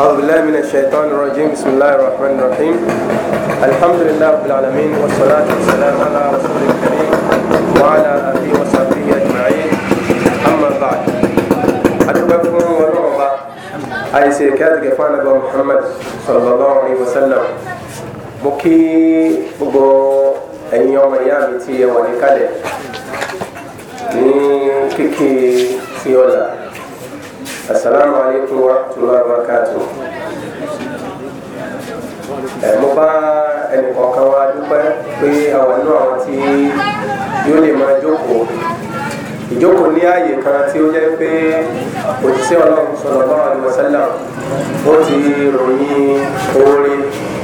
أعوذ بالله من الشيطان الرجيم بسم الله الرحمن الرحيم الحمد لله رب العالمين والصلاة والسلام على رسول الكريم وعلى آله وصحبه أجمعين أما بعد أتوقفون ونعبا أي سيكات قفانا محمد صلى الله عليه وسلم مكي بقو أن يوم أيام تي ونكالي ni kiki siyola assalamu alaikum wa rahmatullahi wa barakatuh ẹ mo bá ẹnìkọ̀ọ̀kan wa dúpẹ́ pé àwọn inú àwọn tí yóò lè máa jókòó ìjókòó ní ààyè kan tí ó jẹ́ pé òṣìṣẹ́ ọlọ́run sallallahu alaihi wasallam ó ti ròyìn oore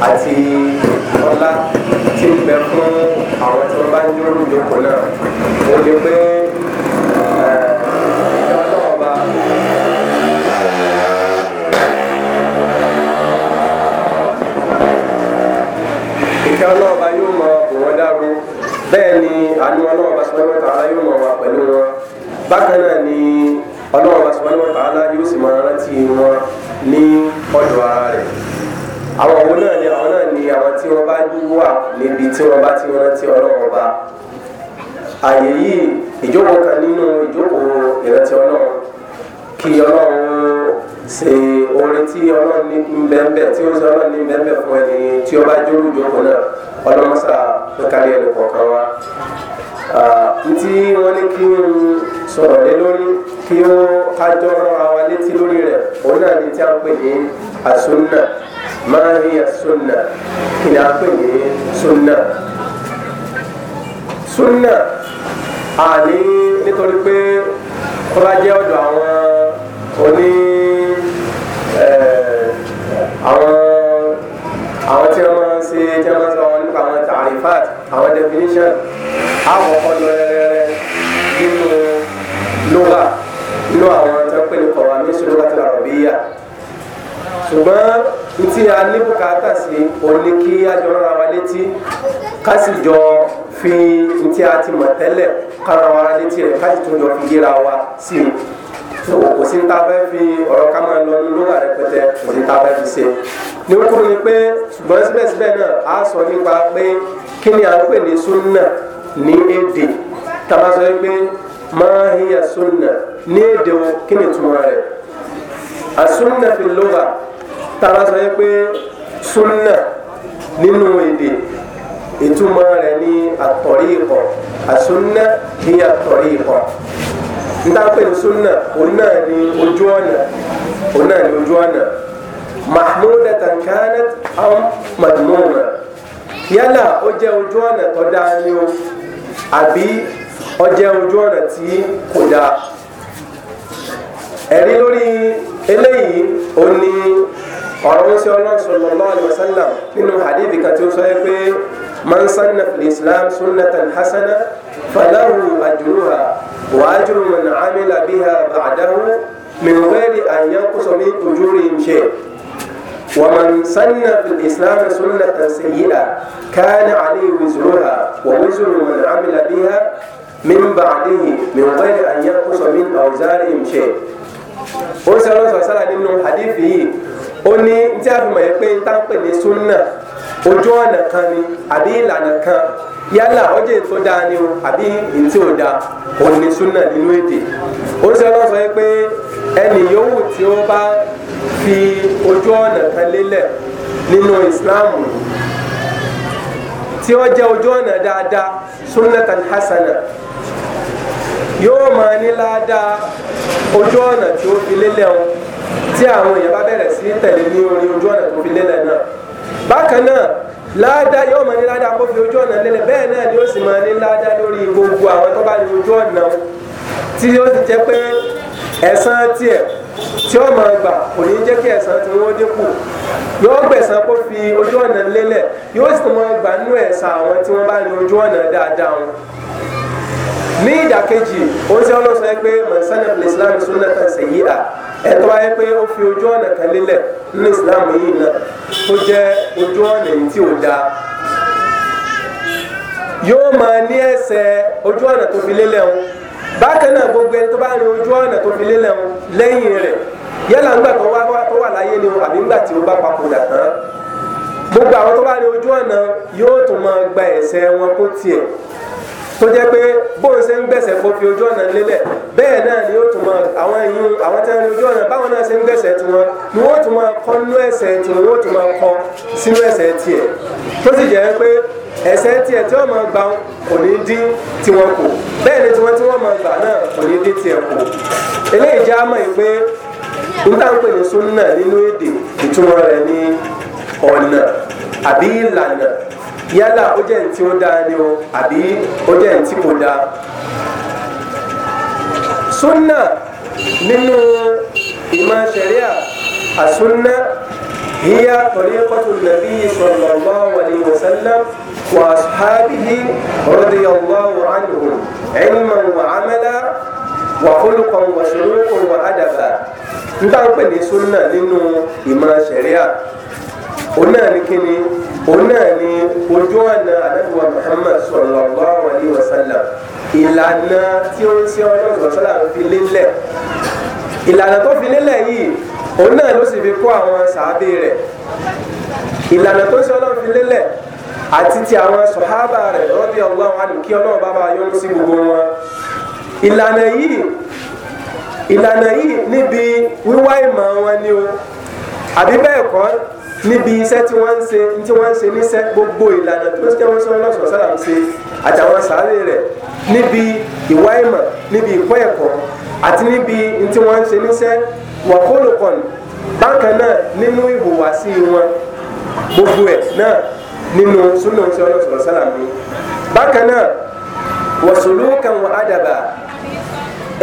àti ọlá tí ń bẹ fún àwọn tí wọ́n bá ń dúró náà ó lè pé. ìkẹ́ ọlọ́ọ̀ba yóò mọ ọkùn wọn dáró bẹ́ẹ̀ ni àánú ọlọ́ọ̀ba subhanahu wa yóò mọ wà pẹ̀lú wọn bákan náà ni ọlọ́ọ̀ba subhanahu wa ta'ala yóò sì máa rántí wọn ní ọ̀dọ̀ ara rẹ̀ àwọn òun náà ni àwọn náà ni àwọn tí wọ́n wà níbi tí wọ́n bá ti rántí àyè yìí ìjókòó kan nínú ìjókòó ìrántí kí tí ọlọ́run ní bẹ́ẹ̀nbẹ́ tí ó sọ ọlọ́run ní bẹ́ẹ̀nbẹ́ fún ẹni tí ó bá jókòó jókòó náà ọlọ́mọsà pẹ́kálí ẹni kọ̀ọ̀kan wa. ntí wọ́n ní kí n sọ̀rọ̀ lé lórí kí ó kájọ́ àwa létí lórí rẹ̀ òun náà ní tí a ń pè ní àsúnà máa ń yẹ súnà kí ni a pè ní súnà. súnà àní nítorí pé kọ́lájẹ́ ọ̀dọ̀ àwọn oní. Eh, àwọn àwọn tí wọ́n máa ń ṣe tí wọ́n máa sọ wọn nípa àwọn tarifat àwọn definition àwọn ọkọ lọ rẹrẹrẹ nínú lóra nínú àwọn tí wọ́n pè ní kọ̀wá ní sùn lóra tó lọ́rọ̀ bí yà ṣùgbọ́n ntí a ní bùkátà sí òní kí a rárá wa létí ká sì jọ fi ntí a ti mọ̀ tẹ́lẹ̀ ká rárá wa létí rẹ̀ ká sì tún jọ fi yíra wa sí i kò sí ta fẹ́ fi ọ̀rọ̀ ká máa lọ ní lóra rẹpẹtẹ kò sí ta fẹ́ fi ṣe ní kúrò ni pé ṣùgbọ́n síbẹ̀síbẹ̀ náà a sọ nípa pé kí ni à ń pè ní súnà ní èdè tàbá sọ pé máa hiya súnà ní èdè wo kí ni ìtumọ̀ rẹ̀ àsúnà fi lóra tàbá sọ pé súnà nínú èdè ìtumọ̀ rẹ̀ ní àtọ̀rí ìkọ̀ àsúnà hiya àtọ̀rí ìkọ̀ ntaapẹ ní sunna òun náà ní ojú ọ̀nà òun náà ní ojú ọ̀nà mahmudatan kanat am madmuma yálà ó jẹ́ ojú ọ̀nà tó dáa ni o àbí ó jẹ́ ojú ọ̀nà tí kò dáa ẹ̀rí lórí eléyìí òun ni hadithi kan tí ó sọ yẹ pé man sanna hasana falahu ajruha. وأجر من عمل بها بعده من غير أن ينقص من أجورهم شيء ومن سن في الإسلام سنة سيئة كان عليه وزرها ووزر من عمل بها من بعده من غير أن ينقص من أوزارهم شيء ó sọ lọ́sọ̀ sára nínú hadith yìí ó ní tí a fi mọ̀ yẹn pé ń tán pè ní sunna ojú ọ̀nà kan ni àbí ìlànà kan yálà ọjọ́ ètò dáa ni o àbí ntí ò dáa ò ní súnà nínú èdè ó sì lọ sọ pé ẹnì yòówù tí ó bá fi ojú ọ̀nà kan lélẹ̀ nínú ìsìláàmù tí ó jẹ́ ojú ọ̀nà dáadáa sunnatan hasana yóò máa ní ládàá ojú ọ̀nà tí ó fi lélẹ̀ wọn tí àwọn èèyàn bá bẹ̀rẹ̀ sí tẹ̀lé ní orí ojú ọ̀nà tó fi lélẹ̀ náà. bákan náà láàdá yóò máa ní láàdá kó fi ojú ọ̀nà lélẹ̀ bẹ́ẹ̀ náà ni ó sì máa ní láàdá lórí gbogbo àwọn tó bá ní ojú ọ̀nà tí ó ti jẹ́ pé ẹ̀san tiẹ̀ tí ó máa gbà kò ní jẹ́ kí o tí wọ́n dínkù yóò kó fi ojú ọ̀nà lélẹ̀ yóò sì máa gbà nínú ẹ̀san àwọn tí wọ́n bá ní ojú ọ̀nà dáadáa ní ìdàkejì ó ń sẹ́ ọlọ́sọ pé mọ̀nsánà ní islam súnà kan sèyí à ẹ̀tọ́ ayé pé ó fi ojú ọ̀nà kan lélẹ̀ ní islam yìí náà tó jẹ́ ojú ọ̀nà yìí tí ò dáa yóò máa ní ẹsẹ̀ ojú ọ̀nà tó fi lélẹ̀ ń bákan náà gbogbo ẹni tó bá rin ojú ọ̀nà tó fi lélẹ̀ ń lẹ́yìn rẹ̀ yálà ńgbà tó wá tó wà láyé ni àbí ńgbà tí o bá papòdà tán gbogbo àwọn tó bá rin ojú ọ̀nà yóò tún máa gba ẹsẹ̀ wọn kó tiẹ̀ tó jẹ́ pé bóun ṣe ń gbẹ̀sẹ̀ kó fi ojú ọ̀nà lélẹ̀ bẹ́ẹ̀ náà ni ó tún mọ àwọn ìyún àwọn tí wọ́n ní ojú ọ̀nà báwọn náà ṣe ń gbẹ̀sẹ̀ ni wọ́n tún máa kọ́ nínú ẹ̀sẹ̀ tí wọ́n tún máa kọ́ sínú ẹ̀sẹ̀ tiẹ̀ tó sì jẹ́ pé ẹ̀sẹ̀ tiẹ̀ tí wọ́n máa gbà kò ní dín kù bẹ́ẹ̀ ni tiwọn àbí ìlànà yálà ó jẹ́ ní tí ó dáa ni o àbí ó jẹ́ ní tí kò dáa sunna nínú ìmọ̀ sẹ̀ríà àsunna hiya tariqatu nàbí sallallahu alayhi wa sallam wa ashabihi radiyallahu anhum ilman wa amala wa khuluqan wa shuluqan wa adaba n ta nínú ìmọ̀ sẹ̀ríà òun náà ní kíni òun náà ní ojú ọ̀nà àdàbíwá Muhammad sallallahu alaihi wasallam ìlànà tí ó ń ṣe ọlọ́run sọ̀lá fi lélẹ̀ ìlànà tó fi lélẹ̀ yìí òun náà ló sì fi kó àwọn sàábé rẹ̀ ìlànà tó ń ṣe ọlọ́run fi lélẹ̀ àti ti àwọn sọ̀hábà rẹ̀ rọ́bì ọlọ́run àdùn kí ọlọ́run bá máa yọ́nú sí gbogbo wọn ìlànà yìí ìlànà yìí níbi wíwá ìmọ̀ wọn ni o àbí bẹ́ẹ̀ kọ́ níbi iṣẹ́ tí wọ́n ń ṣe tí wọ́n ń ṣe níṣẹ́ gbogbo ìlànà tó ṣe wọ́n sọ́nà lọ́sọ̀ sára ń ṣe àtàwọn sàárè rẹ̀ níbi ìwá ìmọ̀ níbi ìkọ́ ẹ̀kọ́ àti níbi tí wọ́n ń ṣe níṣẹ́ wàkólùkọ̀n bákan náà nínú ìhùwàsí wọn gbogbo ẹ̀ náà nínú súnà ń sọ́nà sọ̀rọ̀ sára mi bákan náà wọ̀sùlùkàn wọn àdàbà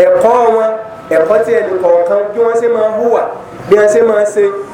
ẹ̀kọ́ wọn ẹ̀kọ́ tí ẹnì kọ̀ọ̀kan bí wọ́n ṣe máa hùwà bí wọ́n ṣe máa ṣe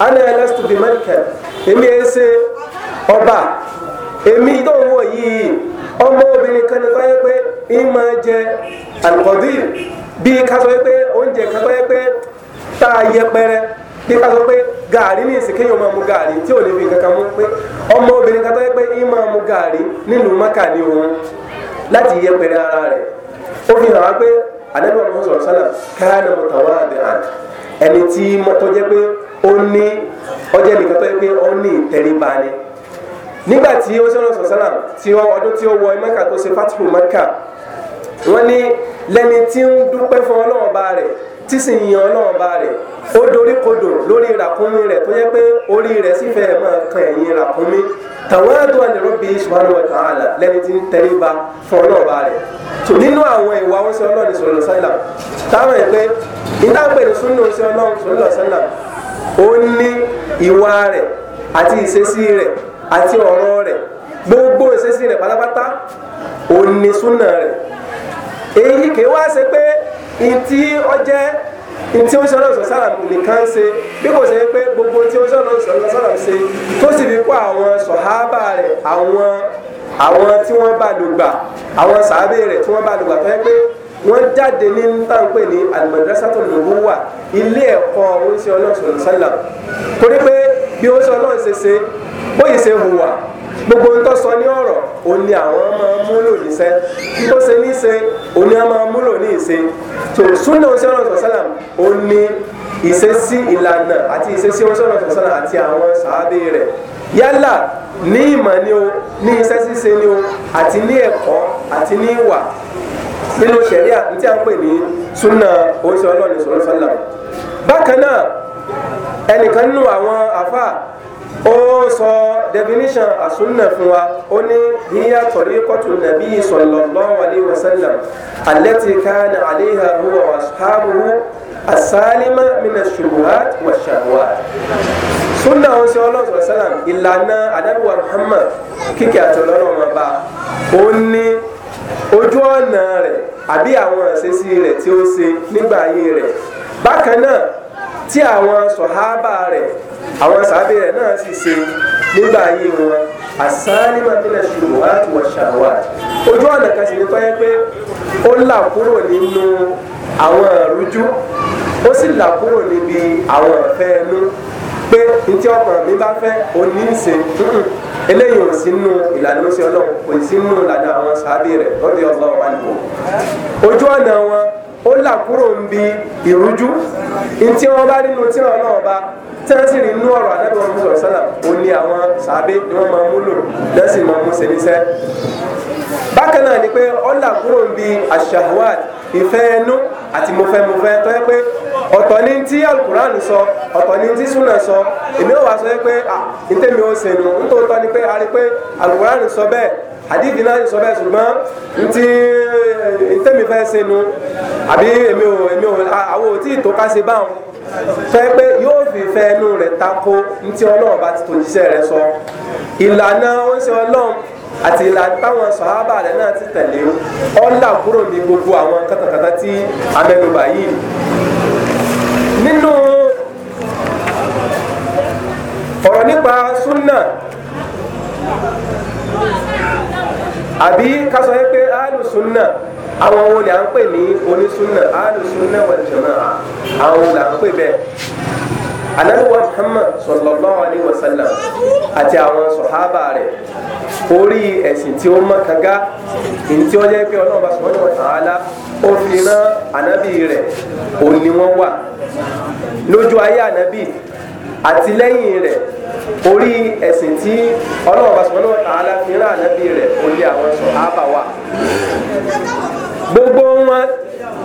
ana alastu bi malikan emi ẹ ọba emi ìdánwò ụwa ọmọ obìnrin kan ní kọ́ pé ń jẹ alqadir bíi ká pé oúnjẹ kan kọ́ pé tá a yẹpẹrẹ bíi ká sọ pé gààrí ní ìsìn kéèyàn máa mu gààrí tí ò lè fi kankan mú pé ọmọ obìnrin kan pé mu nílùú maka ni òun láti ó ní ọjọ́ nìkan tó yẹ pé ó ní ìtẹríba ni nígbà tí ó sọ̀rọ̀ sọ̀sọ́nà tí ọdún tí ó wọ mẹ́kà tó ṣe fatihu mẹ́kà wọ́n ní lẹ́ni tí ń dúpẹ́ fún ọlọ́run ọba rẹ̀ tí sì yan ọlọ́run ọba rẹ̀ ó dorí kodò lórí ràkúnmí rẹ̀ tó yẹ pé orí rẹ̀ sì fẹ́ máa kan ẹ̀yìn ràkúnmí tàwádùn àníròbí subhanahu wa ta'ala lẹ́ni tí ń tẹríba fún ọlọ́run ọba rẹ̀ tó nínú àwọn ìwà oúnjẹ ọlọ́run ìṣòro sẹ́là táwọn ẹ̀ pé ìdáǹpẹ̀ ní súnú oúnjẹ ọlọ́run ìṣòro sẹ́là ó ní ìwà rẹ̀ àti ìṣesí rẹ̀ àti ọ̀rọ̀ rẹ̀ gbogbo ìṣesí rẹ̀ pátápátá ó ní súnà rẹ̀ èyí kì í wá ṣe pé ntí ó jẹ́ ntí ó ṣe ọlọ́sọ̀ sálàmù nìkan ṣe bí kò ṣe pé gbogbo ntí ó ṣe ọlọ́sọ̀ sálàmù ṣe tó sì fi kó àwọn sọ̀hábà rẹ̀ àwọn àwọn tí wọ́n bá lò àwọn sàábé rẹ̀ tí wọ́n bá lò tó yẹ pé wọ́n jáde ní ntànpé ní alimadrasato nubuwa ilé ẹ̀kọ́ oníṣẹ́ ọlọ́sọ̀rọ̀ sálà torí pé bí oníṣẹ́ ọlọ́run ṣe ṣe bóyìí ṣe hùwà gbogbo ń tó sọ ní ọ̀rọ̀ òun ni àwọn máa ń múlò níṣẹ́ tó ṣe níṣe òun ni a máa ń múlò ní ìṣe tó súnà oníṣẹ́ ọlọ́sọ̀rọ̀ sálà òun ni ìṣesí ìlànà àti ìṣesí oníṣẹ́ ọlọ́sọ̀rọ̀ sálà àti àwọn sàábé rẹ̀ yálà ní ìmọ̀ ni o ní iṣẹ́ ṣíṣe ni o àti ní ẹ̀kọ́ àti ní ìwà nínú sẹ̀ríà ní tí a ń pè ní súnà oṣù ọlọ́ọ̀ni sọ̀rọ̀ sọ́là bákan náà ẹnìkan nínú àwọn àfà ó sọ definition àsúnà fún wa ó ní hiya tariqatu nabi sallallahu alayhi wa sallam allati kana alayha huwa wa ashabuhu asalima mina shubuhat wa shabuhat sunna ohun ṣe ọlọ́run sọ̀rọ̀ sálàm ìlànà adáwọ̀ muhammad kíkẹ́ àti ọlọ́run ọmọ bá ó ní ojú ọ̀nà rẹ̀ àbí àwọn àṣesí rẹ̀ tí ó se nígbà ayé rẹ̀ bákan náà tí àwọn sọ̀hábà rẹ̀ àwọn sàábì rẹ̀ náà sì se nígbà ayé wọn àsálímà bílẹ̀ ṣùgbọ́n láti wọ̀ ṣàwà ojú ọ̀nà kan sì ní tọ́yẹ́ pé ó là kúrò nínú àwọn ìrújú ó sì là kúrò níbi àwọn ìfẹ́ ẹnu pé ní tí ọkàn mi bá fẹ́ òní ń ṣe eléyìí ò sínú ìlànà oṣù ọlọ́run kò sínú ìlànà àwọn sàábì rẹ̀ lọ́dẹ ọlọ́run wà nìbò ojú ọ̀nà wọn ó là kúrò ń bi ìrújú ntí wọn bá nínú tí wọn náà bá tẹ́sí rí inú ọ̀rọ̀ àdébò wọn sọ̀rọ̀ sọ́là ó ní àwọn sàábì ni wọ́n máa mú lò lẹ́sìn máa mú sẹ́níṣẹ́ bákan náà ni pé ó là kúrò ń bi àṣàwàd ìfẹ́ ẹnu àti mọ̀fẹ́mọ̀fẹ́ tó pé ọ̀tọ̀ ni tí alukuran sọ ọ̀tọ̀ ni tí súnà sọ èmi ò wá sọ pé à ntẹ̀mi ò sẹ̀nu ntòótọ́ ni pé a rí pé alukuran sọ bẹ́ẹ̀ àdìdì náà sọ bẹ́ẹ̀ ṣùgbọ́n ntí ntẹ̀mi fẹ́ sẹ̀nu àbí èmi ò èmi ò àwọn ò tí ì tó ká ṣe báwọn fẹ́ pé yóò fi fẹ́ inú rẹ̀ tako ntí ọlọ́run bá ti tó jíṣẹ́ rẹ̀ sọ ìlànà ó ń ṣe ọlọ́run àti ìlànà táwọn sọ̀hábà rẹ̀ náà ti tẹ̀lé ọ́ là kúrò ní gbogbo àwọn kàtàkàtà tí amẹ́nubà yìí àbí ká sọ pé alùsùnà àwọn wo ni à ń pè ní onísùnà alùsùnà wal jamaa àwọn wo là ń pè bẹ́ẹ̀ anabiwa muhammad sallallahu alayhi wa sallam àti àwọn sọ̀hábà rẹ̀ orí ẹ̀sìn tí ó mọ́ kanga ntí wọ́n jẹ́ pé ọlọ́run bá sọ̀rọ̀ wọn tààlà ó fi rán anabi rẹ̀ òun ni wọ́n wà lójú ayé anabi àti lẹ́yìn rẹ̀ orí ẹ̀sìn tí ọlọ́run bá sọ̀rọ̀ náà tààlà fi rán ànábì rẹ̀ ó lé àwọn sàhábà wa gbogbo wọn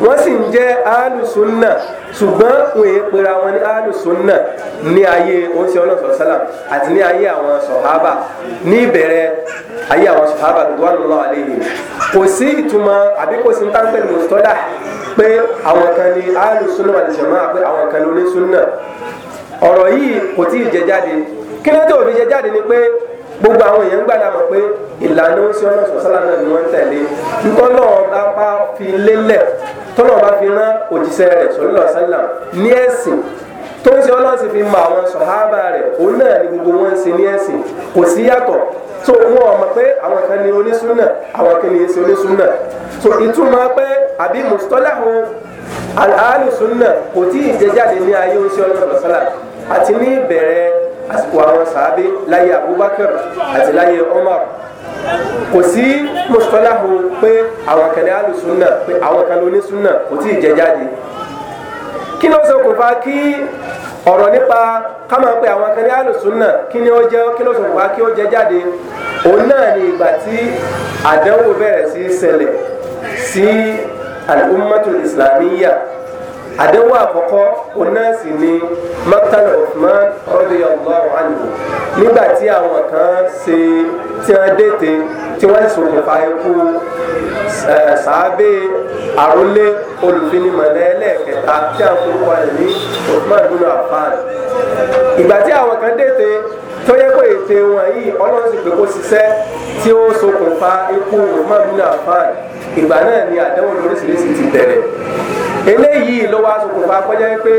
wọ́n sì ń jẹ́ alùsùnà ṣùgbọ́n òun èé pera wọn ní alùsùnà ní ayé oṣù ọlọ́sọ̀ sálàm àti ní ayé àwọn sọ̀hábà ní ìbẹ̀rẹ̀ ayé àwọn sọ̀hábà tó wà lọ́wọ́ àléyìn kò sí ìtumọ̀ àbí kò sí táńpẹ̀lì mùsùtọ́dà pé àwọn kan ní alùsùnà wal jamaa pé àwọn kan ló ní sùnà ọ̀rọ̀ yìí kò tí ì jẹ jáde kí ló dé òbí jẹ jáde ni pé gbogbo àwọn èèyàn gbàdá mọ̀ pé ìlànà oṣù ọ̀nà sọ̀sọ́là náà ni wọ́n ń tẹ̀lé ntọ́nà bá bá fi lélẹ̀ tọ́nà bá fi rán òjíṣẹ́ rẹ̀ sọ̀rọ̀ sẹ́là ní ẹ̀sìn tó ń ṣe ọlọ́run sì fi mọ àwọn sọ̀hábà rẹ̀ òun náà ni gbogbo wọn ń ṣe ní ẹ̀sìn kò sí yàtọ̀ so wọn ò mọ̀ pé àwọn kan ní onísúnà àwọn kan ní í ṣe onísúnà so ìtumọ̀ pé àbí mùsùlùmí àlùsùnà kò tí ì jẹ jáde ní ayé oṣù ọlọ́run sọ̀rọ̀ sẹ́là àti ní ìbẹ̀rẹ̀ àsìkò àwọn sàábé láyé Abubakar àti láyé Umar kò sí mùsùlùmí pé àwọn kan ní alùsùnà pé àwọn kan lóní sùnà kò tí ì jẹ jáde kí ló sọ kò fa kí ọ̀rọ̀ nípa ká máa pe àwọn kan ní alùsùnà kí ni ó jẹ́ kí ló sọ kò fa kí ó jẹ jáde òun náà ni ìgbà tí àdánwò bẹ̀rẹ̀ sí ṣẹlẹ̀ sí al-ummatul àdéhùn àkọ́kọ́ onáàsì ni maktal Uthman radiyallahu anhu nígbà tí àwọn kan ṣe tí wọ́n dètè tí wọ́n ṣokùnfà ikú sàábé àrólé olùfinimọ̀lẹ́ ẹlẹ́ẹ̀kẹta tí a forúkọ rẹ̀ ní Uthman bin Affan ìgbà tí àwọn kan dètè tó yẹ pé ète wọn yìí ọlọ́run sì pé kó ṣiṣẹ́ tí ó ṣokùnfà ikú Umar bin ìgbà náà ni àdánwò lóríṣiríṣi ti bẹ̀rẹ̀ eléyìí ló wá ṣokùnfà kọjá pé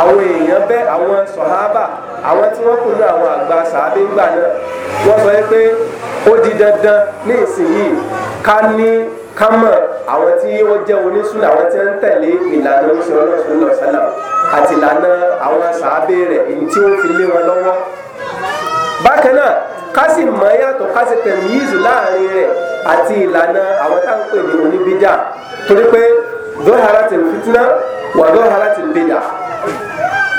àwọn èèyàn bẹ́ àwọn sọ̀hábà àwọn tí wọ́n kù ní àwọn àgbà sàábé ńgbà náà wọ́n sọ pé ó di dandan ní ìsìn ká ní kámọ̀ àwọn tí wọ́n jẹ́ onísùnà àwọn tí wọ́n ń tẹ̀lé ìlànà oṣù ọlọ́sùn lọ sálà àti ìlànà àwọn sàábé rẹ̀ èyí tí wọ́n fi lé wọn lọ́wọ́. bákan náà ká sì mọ̀ yàtọ̀ ká sì tẹ̀mí yíṣù láàrin rẹ̀ àti ìlànà àwọn táwọn pè ní oníbídà torí pé dọ́hara ti fitinà wà dọ́hara ti bídà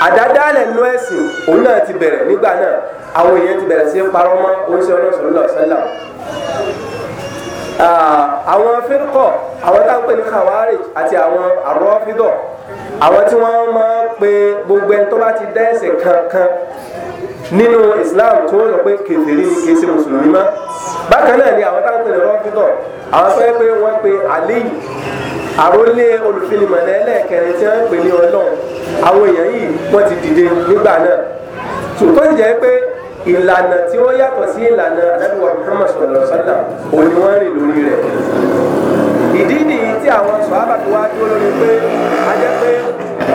àdádálẹ̀ nú ẹ̀sìn òun náà ti bẹ̀rẹ̀ nígbà náà àwọn èèyàn ti bẹ̀rẹ̀ sí parọ́ mọ́ oṣù ọlọ́sùn lọ Ah, àwọn fírkọ̀ àwọn tá ń pè ní khawarij àti àwọn arọ́fídọ̀ àwọn tí wọ́n máa ń pe gbogbo ẹni tó bá ti dá kankan nínú Islam tí wọ́n sọ pé kèfèrí ni kìí mùsùlùmí mọ́ bákan náà ni àwọn tá ń pè ní rọ́fídọ̀ àwọn tó yẹ pé wọ́n pe aliyu àrólé olùfinimọ̀lẹ́ ẹlẹ́ẹ̀kẹrin tí wọ́n ń pè ní ọlọ́run àwọn èèyàn yìí wọ́n ti dìde nígbà náà tó tó jẹ́ pé ìlànà tí ó yàtọ̀ sí ìlànà anábìwá Muhammad sallallahu alaihi wasallam òní wọ́n rìn lórí rẹ̀ ìdí nìyí tí àwọn sọ̀hábà tó wá dúró lórí pé a jẹ́ pé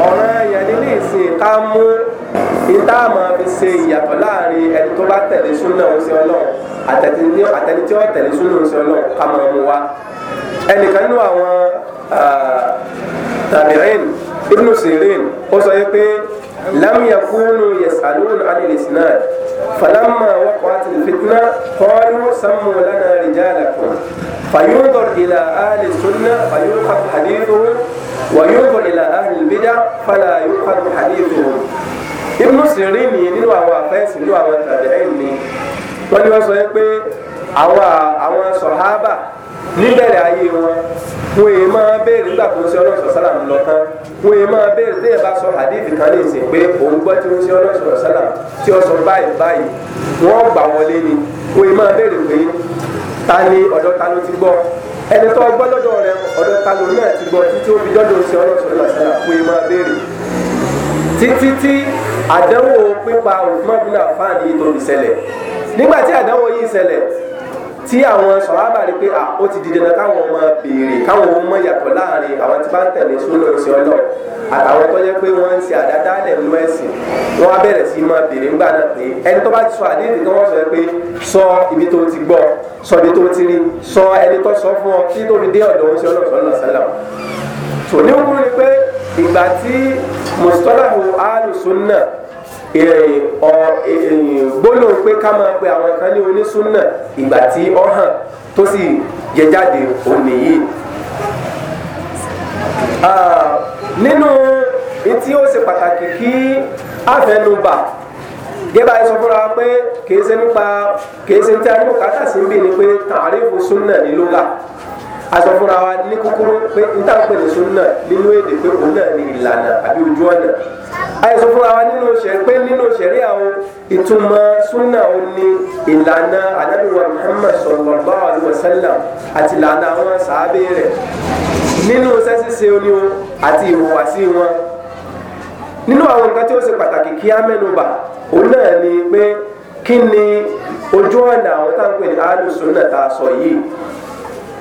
ọ̀ràn ẹ̀yàn nílé ìsìn ká mú ìta máa fi ṣe ìyàtọ̀ láàrin ẹni tó bá tẹ̀lé súnà oṣù ọlọ́run àtẹni tí ó tẹ̀lé súnà oṣù ọlọ́run ká máa mú wa ẹnìkan nínú àwọn tàbírin Ibn Sirin ó sọ yẹ pé لم يكونوا يسألون عن الإسناد فلما وقعت الفتنة قالوا سموا لنا رجالكم فينظر إلى أهل السنة فيؤخذ حديثهم وينظر إلى أهل البدع فلا يؤخذ حديثهم ابن سيرين nínú àwọn àfẹ́sì nínú àwọn tàbí àwọn àwọn sọ̀hábà níbẹ̀rẹ̀ ayé wọn wọn ma máa béèrè nígbà tó ń ṣe ọlọ́sọ̀ lọ tán wọn èyí máa bá sọ hadith kan lè sìn pé òun gbọ́ tí ń ṣe ọlọ́sọ̀ tí ó sọ báyìí báyìí gbà ni wọn èyí máa ta ni ta ló ti gbọ́ ẹni tó gbọ́ lọ́dọ̀ rẹ ta ló náà ti gbọ́ títí ó fi dọ́dọ̀ ṣe ọlọ́sọ̀ títí tí àdánwò pípa tí àwọn sọ̀hábà rí pé ó ti di dandan káwọn ọmọ béèrè káwọn ọmọ yàtọ̀ láàrin àwọn tí bá ń tẹ̀lé súnlọ ìsìn ọlọ àtàwọn tó yẹ pé wọ́n ń ṣe àdádálẹ̀ nínú ẹ̀sìn wọ́n á bẹ̀rẹ̀ sí máa béèrè ńgbà náà pé ẹni tó bá ti sọ àdéhùn tó wọ́n sọ pé sọ ibi tó ti gbọ́ sọ ibi tó ti rí sọ ẹni tó sọ fún ọ tí tó fi dé ọ̀dọ̀ oúnjẹ ọlọ́sọ̀ọ́lọ́ sálà tò gbólóhùn pé ká máa pe àwọn kan ní onísúnà ìgbà tí ọ hàn tó sì yẹ jáde òní yìí. nínú etí ó ṣe pàtàkì kí àfẹnubà gẹ́gẹ́ báyìí sọ fúnra pé kìí ṣe nípa kìí ṣe tí a ní bùkátà sí ń bì ní pé tààrífù súnà ní lóga aṣọ fúnra wa ní kúkúrú pé níta pè ní sunna nínú èdè pé òun náà ní ìlànà àbí ojú ọ̀nà àìsàn fúnra wa nínú sẹ̀rí pé nínú sẹ̀rí àwọn ìtumọ̀ sunna òun ni ìlànà anábìwá Muhammad sallallahu alaihi wasallam àti ìlànà àwọn sàábé rẹ̀ nínú sẹ́síse oní wọn àti ìhùwàsí wọn nínú àwọn nǹkan tí ó ṣe pàtàkì kí á mẹ́nubà òun náà ni pé kí ni ojú ọ̀nà àwọn táwọn pè ní àlùsùn náà tá sọ yìí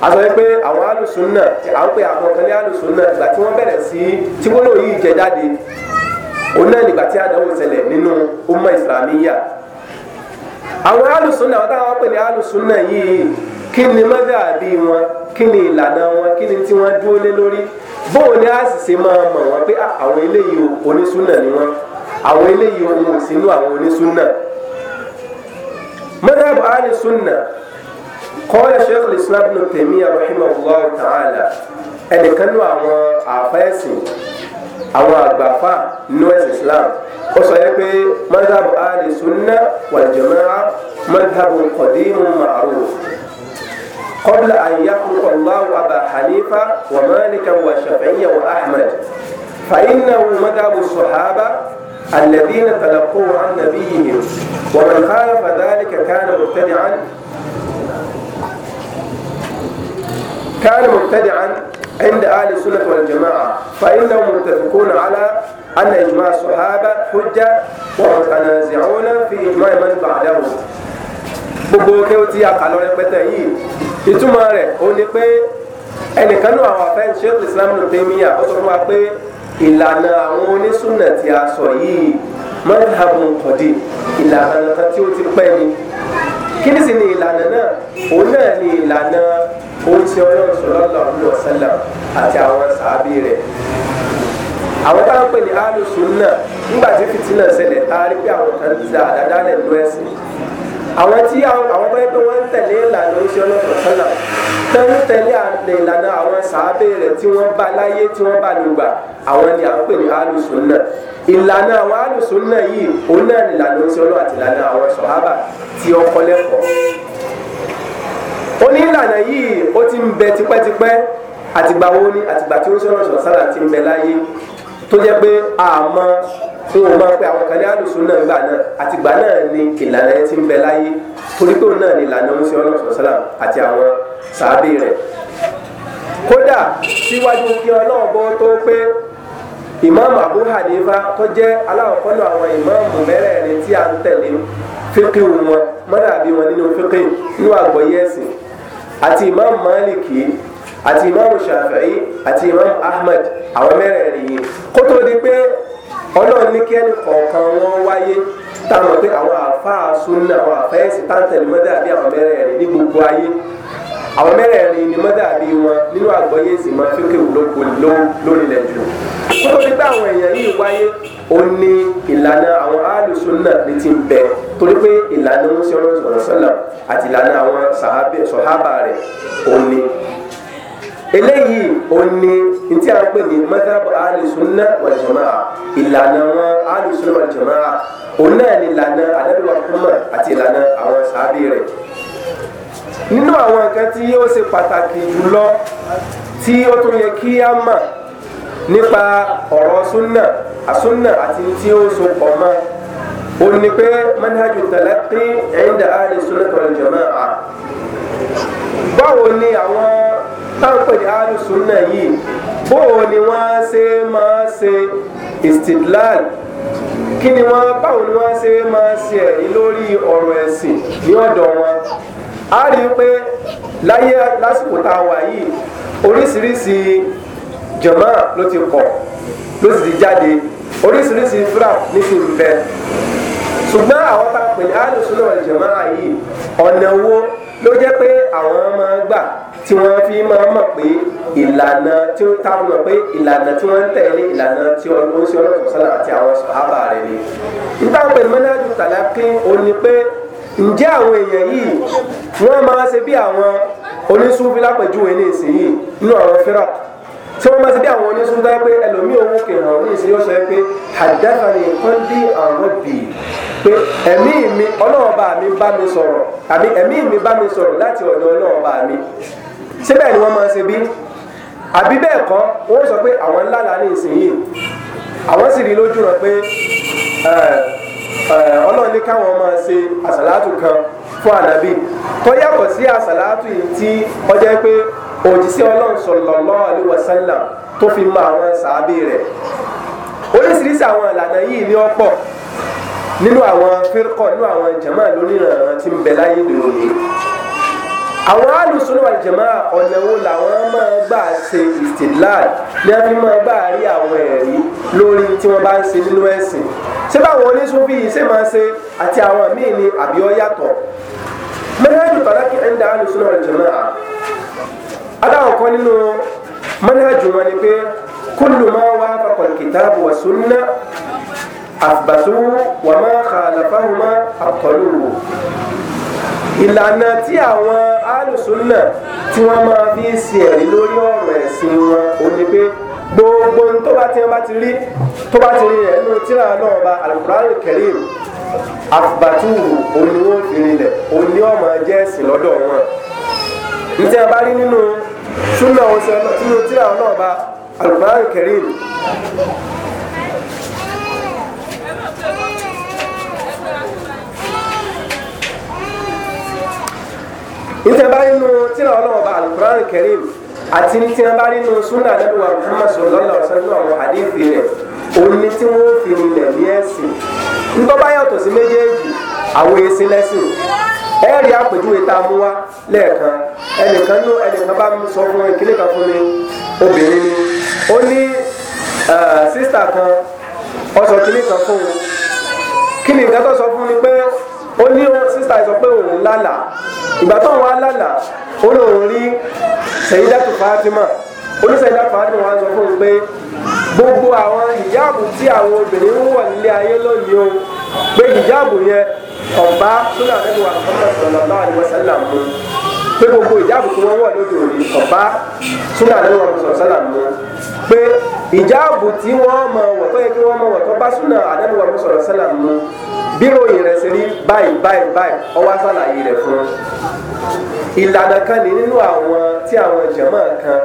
a sọ pé àwọn alùsùnà à ń pè àwọn kan ní alùsùnà ìgbà tí wọ́n bẹ̀rẹ̀ sí tí wọ́n lòyìn ìjẹ jáde òun náà nígbà tí àdánwò ṣẹlẹ̀ nínú umma islamiyya àwọn alùsùnà wọn táwọn pè ní alùsùnà yìí kí ni mọ́dàbí wọn kí ni ìlànà wọn kí ni tí wọ́n dúró lé lórí bóun ni a máa mọ̀ wọn pé ah, àwọn eléyìí onísùnà ni wọn àwọn eléyìí ohun òsínú àwọn onísùnà mọ́dàbí alùsùnà kọ́lẹ̀ sheikh islam ibn taymiyyah rahimahullah ta'ala ẹnìkan nú àwọn àfẹ́sìn àwọn àgbàfà nínú ẹ̀sìn islam ó sọ yẹ pé madhab ali sunna wal jama'a madhab qadim ma'ruf قبل أن يخلق الله أبا حنيفة ومالكا وشافعيا وأحمد فإنه مذهب الصحابة الذين تلقوه عن نبيهم ومن خالف ذلك كان مبتدعا كان مبتدعا عند أهل السنة والجماعة فإنهم متفقون على أن إجماع الصحابة حجة ومتنازعون في إجماع من بعدهم gbogbo kí o ti àkàlọ́ rẹpẹtẹ yìí ìtumọ̀ rẹ̀ ó ní pé ẹnìkan náà àwọn afẹ́ Sheikh Islam Ibn Taymiyyah ó sọ fún wa pé ìlànà àwọn onísùnà tí a sọ yìí madhhabu qadi ìlànà kan tí ó ti pẹ́ ni kí ni sì ni ìlànà náà òun náà ni ìlànà ó ti ọlọ́run sọlọ́lọ́ ọ̀hún ọ̀sẹ́là àti àwọn sàábì rẹ̀ àwọn tá à ń pè ní alùsùn náà nígbà tí fìtínà ṣẹlẹ̀ tá a rí pé àwọn kan ti àdáda lẹ̀ lọ ẹ̀sìn àwọn tí àwọn ọmọ ẹgbẹ́ wọn ń tẹ̀lé ìlànà oṣù ọlọ́pàá sọ́nà tó tẹ̀lé ìlànà àwọn sàábé rẹ̀ tí wọ́n bá láyé tí wọ́n bá lùgbà àwọn ni à ń pè ní alùsùn náà ìlànà àwọn alùsùn náà yìí òun náà ó ní ìlànà yìí ó ti ń bẹ tipẹ́tipẹ́ àtìgbà wo ni àtìgbà tí ó sọ̀rọ̀ sọ̀rọ̀ sára ti ń bẹ láyé tó jẹ́ pé àmọ́ tí wọ́n máa ń pe àwọn kan ní àlùsùn náà gbà náà àtìgbà náà ni ìlànà yẹn ti ń bẹ láyé torí pé òun náà ni ìlànà oṣù ọlọ́run sọ̀rọ̀ sára àti àwọn sàábì rẹ̀ kódà síwájú kí ọlọ́run tó pé ìmáàmù Abu Hanifa tó jẹ́ aláwọ̀kọ́nù àwọn ìmáàmù mẹ́rẹ̀ẹ̀rin tí a ń tẹ̀lé fíkì wọn mọ́dàbí wọn nínú fíkì nínú àgbọ̀yé ẹ̀sìn àti imam maliki àti imam shafi'i àti imam ahmed àwọn mẹ́rẹ̀ẹ̀rin yìí kó tó di pé ọlọ́run ní kẹ́ni kọ̀ọ̀kan wọn wáyé táwọn pé àwọn àfáà sunna àwọn àfẹ́sì táǹtẹ̀lẹ́mọ́dà bí àwọn mẹ́rẹ̀ẹ̀rin ní gbogbo ayé àwọn mẹ́rẹ̀ẹ̀rin ni mọ́dàbí wọn nínú àgbọ́yé sì máa fi kéwù lórí ilẹ̀ jù kókó nípa àwọn èèyàn yìí wáyé ó ní ìlànà àwọn alùsùnà ní ti ń bẹ torí pé ìlànà ń ṣe ọlọ́sọ̀rọ̀ sọ́là àti ìlànà àwọn sàhábà rẹ̀ ó ní eléyìí òní ntí a pè ní madhab alisunna wàljamaa ìlànà wọn alisunna wàljamaa òun náà ni ìlànà anabi wa àti ìlànà àwọn sàábì rẹ̀ nínú àwọn nǹkan tí ó ṣe pàtàkì jùlọ tí ó tún yẹ kí a mọ̀ nípa ọ̀rọ̀ súnà àsúnà àti tí ó so pọ̀ mọ́ ó ní pé manhajù talaqqi inda ahli sunnah wal jamaa'ah báwo ni àwọn táǹpẹ̀ ní ahli sunnah yìí bóò ni wọ́n ṣe máa ṣe istidlal kí ni wọ́n báwo ni wọ́n ṣe máa ṣe ẹ̀rí lórí ọ̀rọ̀ ẹ̀sìn ní ọ̀dọ̀ wọn a rí i pé láyé lásìkò tá a wà yìí oríṣiríṣi jọ̀mọ́ ló ti pọ̀ ló sì ti jáde oríṣiríṣi fúra ní ti ń bẹ ṣùgbọ́n àwọn tá a pè ní alùsùn náà jọ̀mọ́ yìí ọ̀nà wo ló jẹ́ pé àwọn máa ń gbà tí wọ́n fi máa mọ̀ pé ìlànà tí ó ta mọ̀ pé ìlànà tí wọ́n tẹ̀lé ìlànà tí ọlọ́run ṣe ọlọ́run àti àwọn sọ̀hábà rẹ̀ ni. nígbà pẹ̀lú mẹ́nàdù tàlákì ó ní pé ǹjẹ́ àwọn èèyàn yìí wọ́n máa ṣe bí àwọn onísúnfí lápẹ̀júwe ní ìsìnyí nínú àwọn fẹ́rà tí wọ́n máa ṣe bí àwọn onísúnfí dáa pé ẹlòmíì owó kìrìhàn ní ìsìnyí ọ̀ṣẹ́ pé àdáfàní kọ́ndí àwọn bì í pé ẹ̀mí mi ọlọ́run bá mi bá mi sọ̀rọ̀ àbí ẹ̀mí mi bá mi sọ̀rọ̀ láti ọ̀dọ̀ ọlọ́run bá mi síbẹ̀ ni wọ́n máa ṣe bí àbí bẹ́ẹ̀ kọ́ wọ́n sọ pé àwọn ńlá làá ní ìsìnyí àwọn sì rí lójú rẹ̀ pé ọlọ́run ní káwọn máa ṣe àsàlátù kan fún ànábì tó yàtọ̀ sí àsàlátù yìí tí ó jẹ́ pé òjíṣẹ́ ọlọ́run sallallahu alaihi wasallam tó fi mọ àwọn sàábì rẹ̀ oríṣiríṣi àwọn ìlànà yìí ní ọ̀pọ̀ nínú àwọn fírkọ̀ nínú àwọn jàmáà lónìí ìrànràn tí ń bẹ láyé lónìí àwọn alùsùn wal jamaa ọ̀nà wo làwọn máa gbà ṣe istidlal ní a fi máa bá rí àwọn ẹ̀rí lórí tí wọ́n bá ń ṣe nínú ẹ̀sìn ṣé báwọn oníṣúbí yìí ṣe máa ṣe àti àwọn míì ni àbí yàtọ̀ manhaju tọ́lákì ẹ̀ńdà alùsùn wal adáwọ̀ kan nínú manhaju wọn ni pé kullu ma wafaqa al-kitabu wa sunna athbatuhu wa ma khalafahuma ìlànà tí àwọn alùsùnà tí wọ́n máa fi ń ṣe ẹ̀rí lórí ọ̀rọ̀ ẹ̀sìn wọn ò ní pé gbogbo ohun tó bá ti bá ti rí tó bá ti rí rẹ̀ nínú tíra náà ba Al-Qur'an Karim àbàtúwù òní wọn fi rinlẹ̀ òní ọmọ jẹ́ ẹ̀sìn lọ́dọ̀ wọn níta bá rí nínú súnà òsè nínú tíra náà ba Al-Qur'an nítorí bá nínú tíra ọlọ́wọ́ bá alukur'an karim àti ní tíra bá nínú sunna anabi wa muhammad sallallahu alaihi wa àwọn hadithi rẹ̀ òun ni tí fi rinlẹ̀ ní ẹ̀sìn nítorí yàtọ̀ sí méjèèjì àwọn èsì lẹ́sìn ẹ̀rí àpèjúwe tá a mú wá lẹ́ẹ̀kan ẹnìkan ló ẹnìkan bá sọ fún kan fún mi obìnrin ni ó kan ọsọ kan fún un ni nǹkan ó ní ó sísá sọ pé òun lálàá ìgbà tó wọn lálàá ó lóun rí Sayyidatu Fatima oníṣẹ́dá Fatima wọn sọ fún un pé gbogbo àwọn ìjáàbù tí àwọn obìnrin ń wọ̀ nílé ayé lónìí o pé ìjáàbù yẹn ọ̀bá súnà nínú àkọ́kọ́ sọ̀rọ̀ náà ni wọ́n sẹ́là mú pé gbogbo ìjáàbù tí wọ́n wọ̀ lóde òní ọ̀bá súnà nínú àkọ́kọ́ sọ̀rọ̀ mú pé ìjáàbù tí wọ́n mọ̀ wọ̀ yẹ kí wọ́n mọ̀ wọ̀ bá súnà àdánù àkọ́kọ́ sọ̀rọ̀ sẹ́là mú bíròyìn rẹ̀ sí rí báyìí báyìí báyìí ọwọ́ àṣàlàyé rẹ̀ fún un ìlànà kan ní nínú àwọn tí àwọn jẹ̀mọ́ kan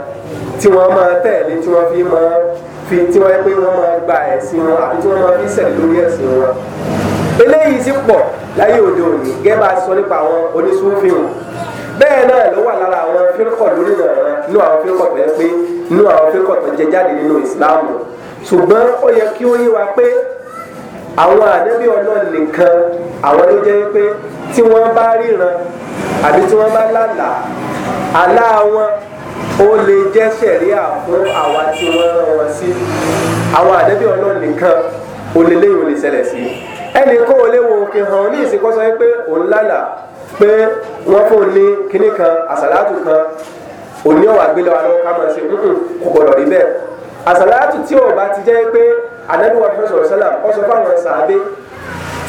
tí wọ́n máa tẹ̀lé tí wọ́n fi máa fi tí wọ́n pé wọ́n máa gba ẹ̀sìn wọn àbí tí wọ́n máa fi sẹ̀lẹ̀ lórí ẹ̀sìn wọn eléyìí sì pọ̀ láyé òde òní gẹ́gẹ́ bá a sọ nípa àwọn oníṣúfihàn bẹ́ẹ̀ náà ló wà lára àwọn fírkọ̀ lórí ìrànlọ́wọ́ inú àwọn fírkọ̀ tó yẹ pé inú àwọn fírkọ̀ tó jẹ jáde nínú ìsìláàmù ṣùgbọ́n ó yẹ kí ó yé wa pé àwọn ànábì ọlọ́run nìkan àwọn ló jẹ́ pé tí wọ́n bá ríran àbí tí wọ́n bá lálàá àlá wọn ó lè jẹ́ sẹ̀ríà fún àwa tí wọ́n rán wọn sí àwọn ànábì ọlọ́run nìkan olèléyìn ò lè ṣẹlẹ̀ sí ẹnì kan ò lè wo òkè hàn ní ìsìnkú sọ pé òun lálàá pé wọ́n fún un ní kinní kan àsàlátù kan òní ọ̀wà gbélé wa lọ́wọ́ ká máa ṣe kò gbọ́dọ̀ rí bẹ́ẹ̀ àsàlátù tí ò bá ti jẹ́ pé ànábì wa sọ̀rọ̀ sọ́là ọ sọ fáwọn sàábé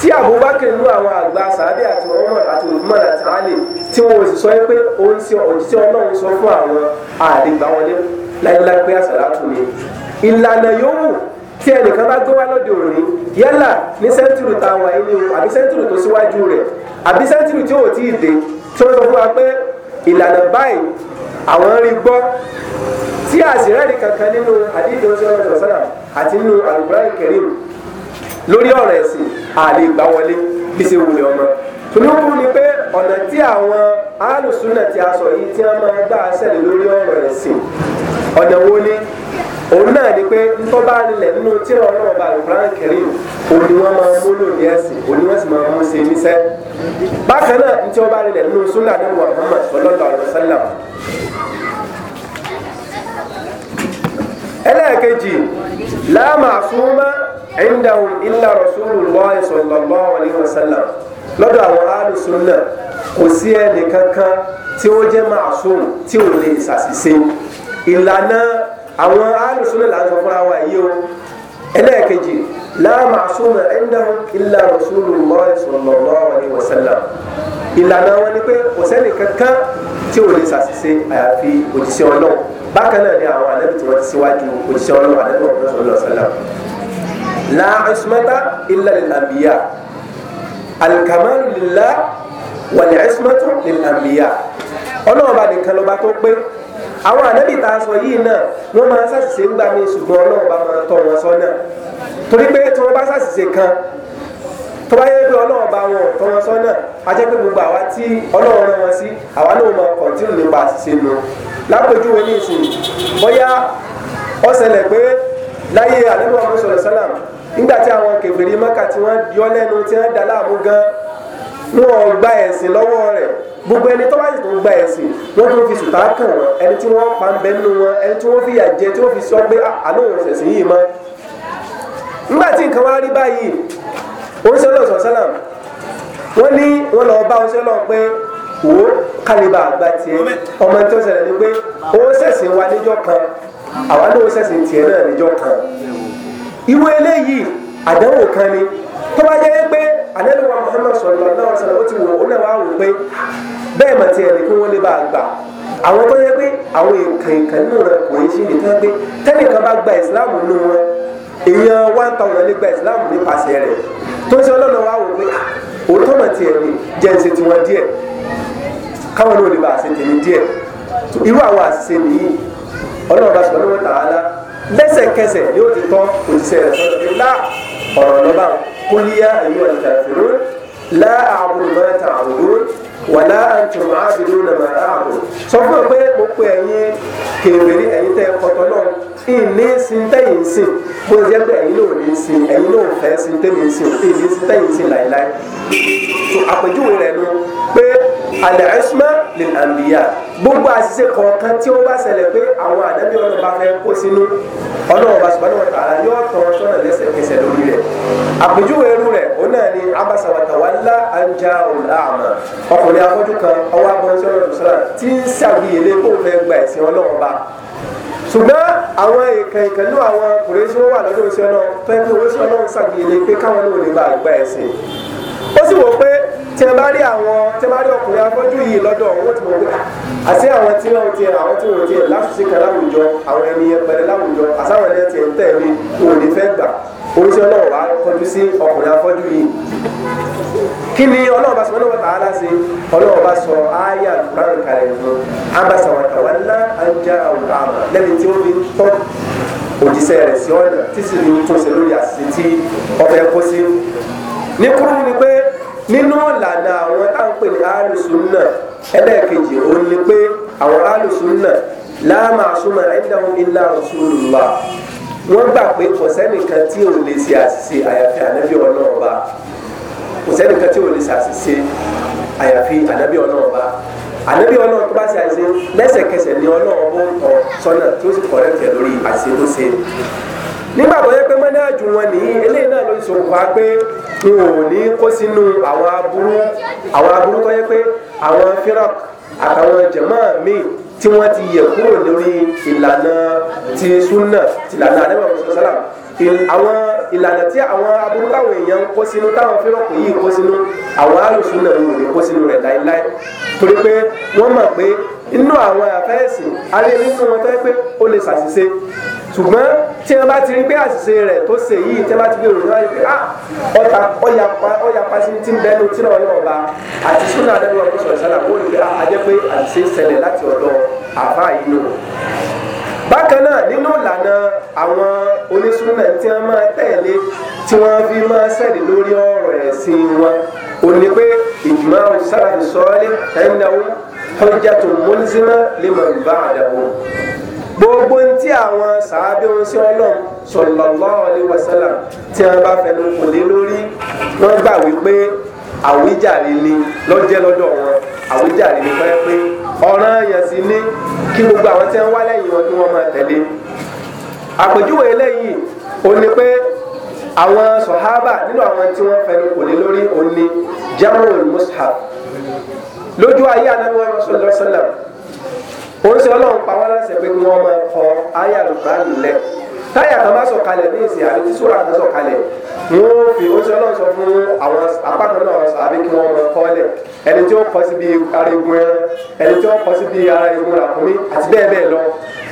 tí Abubakar nú àwọn àgbà sàábé àti Umar àti Uthman àti Ali tí wọn ò sì sọ pé òun sí òjíṣẹ́ Ọlọ́run sọ fún àwọn àdìgbà wọlé láíláí pé àsàlátù ni ìlànà yòówù tí ẹnìkan bá gbé wá lóde òní yálà ní sẹ́ńtúrù táwọn ẹni o àbí sẹ́ńtúrù tó síwájú rẹ̀ àbí sẹ́ńtúrù tí ò tí ì dé tí wọ́n sọ fún wa pé ìlànà báyìí àwọn rí gbọ́ tí àṣírẹ́rì kankan nínú àdídì ọ̀sẹ̀rẹ̀ ọ̀sẹ̀rẹ̀ àti nínú àlùkùránì kẹrim lórí ọ̀rọ̀ ẹ̀sìn àlè gbà wọlé bí ṣe wùlẹ̀ ọmọ tùnúkù ni pé ọ̀nà tí àwọn alùsùnà ti aṣọ yìí tí wọ́n máa gbà ṣẹlẹ̀ lórí ọ̀rọ̀ ẹ̀sìn ọ̀nà wo ni òun náà ni pé tó bá rinlẹ̀ nínú tíra ọlọ́run bá lùkúrán kẹrin òun ni wọ́n máa mú lò ní òun ni wọ́n sì máa mú ṣe níṣẹ́ bákan náà tí wọ́n bá rinlẹ̀ nínú súnà ní Muhammad ẹlẹ́ẹ̀kejì la ma'suma indahum illa rasulullah sallallahu alaihi lọ́dọ̀ àwọn alùsùn kò sí ẹnì kankan tí ó jẹ́ tí ò lè ṣàṣìṣe àwọn alùsùnà là ń sọ fúnra wa yìí o ẹlẹ́ẹ̀kejì láàmà súnmọ̀ ẹ̀ńdáhùn ilà rasulullah sallallahu alaihi wasallam ìlànà wọn ni pé kò sẹ́ni kankan tí ò lè ṣàṣìṣe àyàfi òjíṣẹ́ ọlọ́run bákan náà ni àwọn ànábì tí wọ́n ti síwájú òjíṣẹ́ ọlọ́run ànábì ọ̀hún sallallahu alaihi wasallam la ismata illa lil anbiya alikamalu lillah wal ismatu bá nìkan lọ́ba tó pé àwọn ànábì tá a sọ yìí náà wọ́n máa ṣàṣìṣe ńgbà mi ṣùgbọ́n ọlọ́run bá máa tọ́ wọn sọ́nà torí pé tí bá kan tó bá yẹ pé ọlọ́run bá wọn tọ́ wọn sọ́nà a jẹ́ pé gbogbo àwa tí ọlọ́run rán wọn sí àwa náà máa kọ̀ntínù nípa àṣìṣe nu ní ìsìn bóyá pé láyé sálàm nígbà tí àwọn wọn ò gba ẹ̀sìn lọ́wọ́ rẹ̀ gbogbo ẹni tó bá yìí tó gba ẹ̀sìn wọn tó fi sùtà kàn ẹni tí wọn pa ń bẹ nínú wọn ẹni tí wọn fi yà jẹ tí wọn fi sọ pé ah, àná yi ṣẹ̀sìn yìí mọ́ nígbà tí nǹkan wá rí báyìí lọ́sọ̀ wọ́n ní wọ́n lọ bá lọ pé wò ni pé ó ṣẹ̀sìn wa níjọ́ kan àwa náà ó ṣẹ̀sìn tiẹ̀ kan ìwé eléyìí àdánwò kan ni tó bá anẹ́lùwà Muhammad sọ̀rọ̀ náà sọ̀rọ̀ ó ti wọ̀ ó náà wà wò pé bẹ́ẹ̀ mà tiẹ̀ ní kí wọ́n lè bá a gbà àwọn tó yẹ pé àwọn èèkàn èèkàn nínú rẹ̀ kò ní ṣe nìkan pé tẹ́nìkan bá gba ìsìláàmù nínú wọn èèyàn one thousand lè gba ìsìláàmù nípasẹ̀ rẹ̀ tó ń ṣe ọlọ́nà wa wò pé òótọ́ mà tiẹ̀ ní jẹ́ǹsẹ̀ tiwọn díẹ̀ káwọn náà lè bá àṣẹ tèmi díẹ̀ irú àwọn àṣìṣe nìyí ọlọ́run bá sọ̀rọ̀ wọn tààlà lẹ́sẹ̀kẹsẹ̀ ni ó ti tán òṣìṣẹ́ rẹ̀ sọ́dọ̀ ọ̀rọ̀ lọ́ba قل يا أيها الكافرون لا أعبد ما تعبدون wàlá àǹtùm ábìlú nà má ààbò sọ fún ọ pé mo pe ẹ̀yin kèwèrí ẹ̀yin tẹ́ kọtọ náà ìní sin tẹ́yìn sìn mo jẹ́ pé ẹ̀yin náà ní sin ẹ̀yin náà fẹ́ sin tẹ́yìn sìn ìní sin tẹ́yìn sìn láìláì àpèjúwe rẹ̀ nu pé alẹ́sùmá lè àǹbíyà gbogbo àṣìṣe kọ̀ọ̀kan tí ó bá ṣẹlẹ̀ pé àwọn ànábì ọlọ́run bá fẹ́ kó sínú ọlọ́run bá ṣùgbọ́n wọn tààrà yóò tọ̀ ọ́ sọ́nà lórí rẹ̀ àpèjúwe irú rẹ̀ ó náà ni abasa wàtàwálá anja ọ̀làmà ọkùnrin ọkùnrin afọ́jú kan ọwọ́ abọ́nsẹ́ ọ̀rọ̀ sọ́la tí ń ṣàwíyèlé kó fẹ́ gba ẹ̀sìn ọlọ́run ba ṣùgbọ́n àwọn ìkàn ìkàn náà àwọn ọkùnrin tí wọ́n wà lọ́dọ̀ oṣù ọlọ́run tó yẹ pé oṣù ọlọ́run ṣàwíyèlé pé káwọn ló lè bá gba ẹ̀sìn ó sì wò pé tí ẹ bá rí àwọn tí ẹ bá rí ọkùnrin afọ́jú yìí lọ́dọ̀ wọn ti mọ̀ pé àti àwọn tí wọn ti àwọn tí wọn ti láṣìṣe kan láwùjọ àwọn ẹni ẹgbẹ̀rẹ̀ láwùjọ àtàwọn ẹni ẹ ti ń tẹ̀lé òun ní fẹ́ gbà oṣù ọlọ́run wàá kọjú sí ọkùnrin afọ́jú yìí kí ni ọlọ́ọ̀bá sọ ọlọ́ọ̀bá tààlà sí ọlọ́ọ̀bá sọ ayé àlùkùránì kalẹ̀ fún abasa wàtàwálá ajá àwùrà lẹ́ni tí ó fi tọ́ òjíṣẹ́ rẹ̀ sí ọ̀nà tí sì ní tó ṣe lórí àṣìṣe tí ọbẹ̀ kó sí. ní kúrú ni pé nínú ìlànà àwọn táǹpẹ̀ ní alùsùnà ẹlẹ́ẹ̀kejì òun ni pé àwọn alùsùnà láàmà àṣùmọ̀ ẹ̀dáhùn ilá rasulullah wọ́n gbà pé kò sẹ́nìkan tí òun lè ṣe àṣìṣe àyàfi ànábì ọlọ́ọ̀ba kò sẹ́ni kan tí ò lè ṣàṣìṣe àyàfi ànábì ọlọ́run bá ànábì ọlọ́run tó bá ṣe àṣe lẹ́sẹ̀kẹsẹ̀ ni ọlọ́run bó tọ́ sọ́nà tí ó sì kọ̀ rẹ̀ lórí àṣe tó ṣe nígbà tó yẹ pé mọ́nájú wọn nìyí eléyìí náà ló ṣokùnfà pé n ò ní kó sínú àwọn aburú àwọn aburú tó yẹ pé àwọn firak àtàwọn jẹ̀mọ́ míì tí wọ́n ti yẹ kúrò lórí ìlànà ti sunna tìlànà àdébàbọ̀ àwọn ìlànà tí àwọn aburú táwọn èèyàn ń kó sínú táwọn fírọ̀kù yìí kó sínú àwọn alùsùn náà ń lè kó sínú rẹ̀ láéláé torí pé wọ́n mọ̀ pé inú àwọn àfẹ́sìn alẹ́ nínú wọn tó yẹ pé ó lè ṣàṣìṣe ṣùgbọ́n tí wọ́n bá ti rí pé àṣìṣe rẹ̀ tó ṣe yìí tí wọ́n bá ti gbé òròyìn wáyé pé ah ọ̀tà ọ̀yà pàṣẹ tí ń bẹnu tí náà yọ̀ ọba àti súnà àdẹ́wọ̀n kó sọ̀rọ̀ sálà kó lè pé ah àṣìṣe ṣẹlẹ̀ láti ọ̀dọ̀ àbá yìí onísúnà tí wọ́n máa tẹ̀lé tí wọ́n fi máa sẹ̀lì lórí ọ̀rọ̀ ẹ̀sìn wọn òní pé ìjùmọ̀ àwọn sáràfin sọ́ọ́lé ẹ̀ńdáwó hujjatu mulzima liman ba'dahu gbogbo ntí àwọn sàábé oníṣẹ́ ọlọ́run sallallahu alaihi wasallam tí wọ́n bá fẹnu kò lé lórí wọ́n gbà wípé àwíjàre ni lọ́jẹ́ lọ́dọ̀ wọn àwíjàre ni pẹ́ẹ́pẹ́ ọ̀ràn yẹn sì ní kí gbogbo àwọn tí wọ́n wá lẹ́yìn wọn kí wọ́n máa tẹ̀lé àpèjúwe eléyìí ó ní pé àwọn sọ̀hábà nínú àwọn tí wọ́n fẹnu kò lé lórí ó ní jamul mushaf lójú ayé anáwó sallallahu sallam ó ń sọ ọlọ́run pa wọ́n láṣẹ pé kí wọ́n máa kọ ayé àlùbáàlù lẹ́kọ̀ọ́ táyà kan bá sọ̀kalẹ̀ ní ìsìn àbí tí sóra kan sọ̀kalẹ̀ wọ́n fi oṣù náà sọ fún àwọn apákan náà sọ àbí kí wọ́n mọ kọ́lẹ̀ ẹni tí ó kọ́ síbi ara egun ẹran ẹni tí ó kọ́ síbi ara egun ràkúnmí àti bẹ́ẹ̀ bẹ́ẹ̀ lọ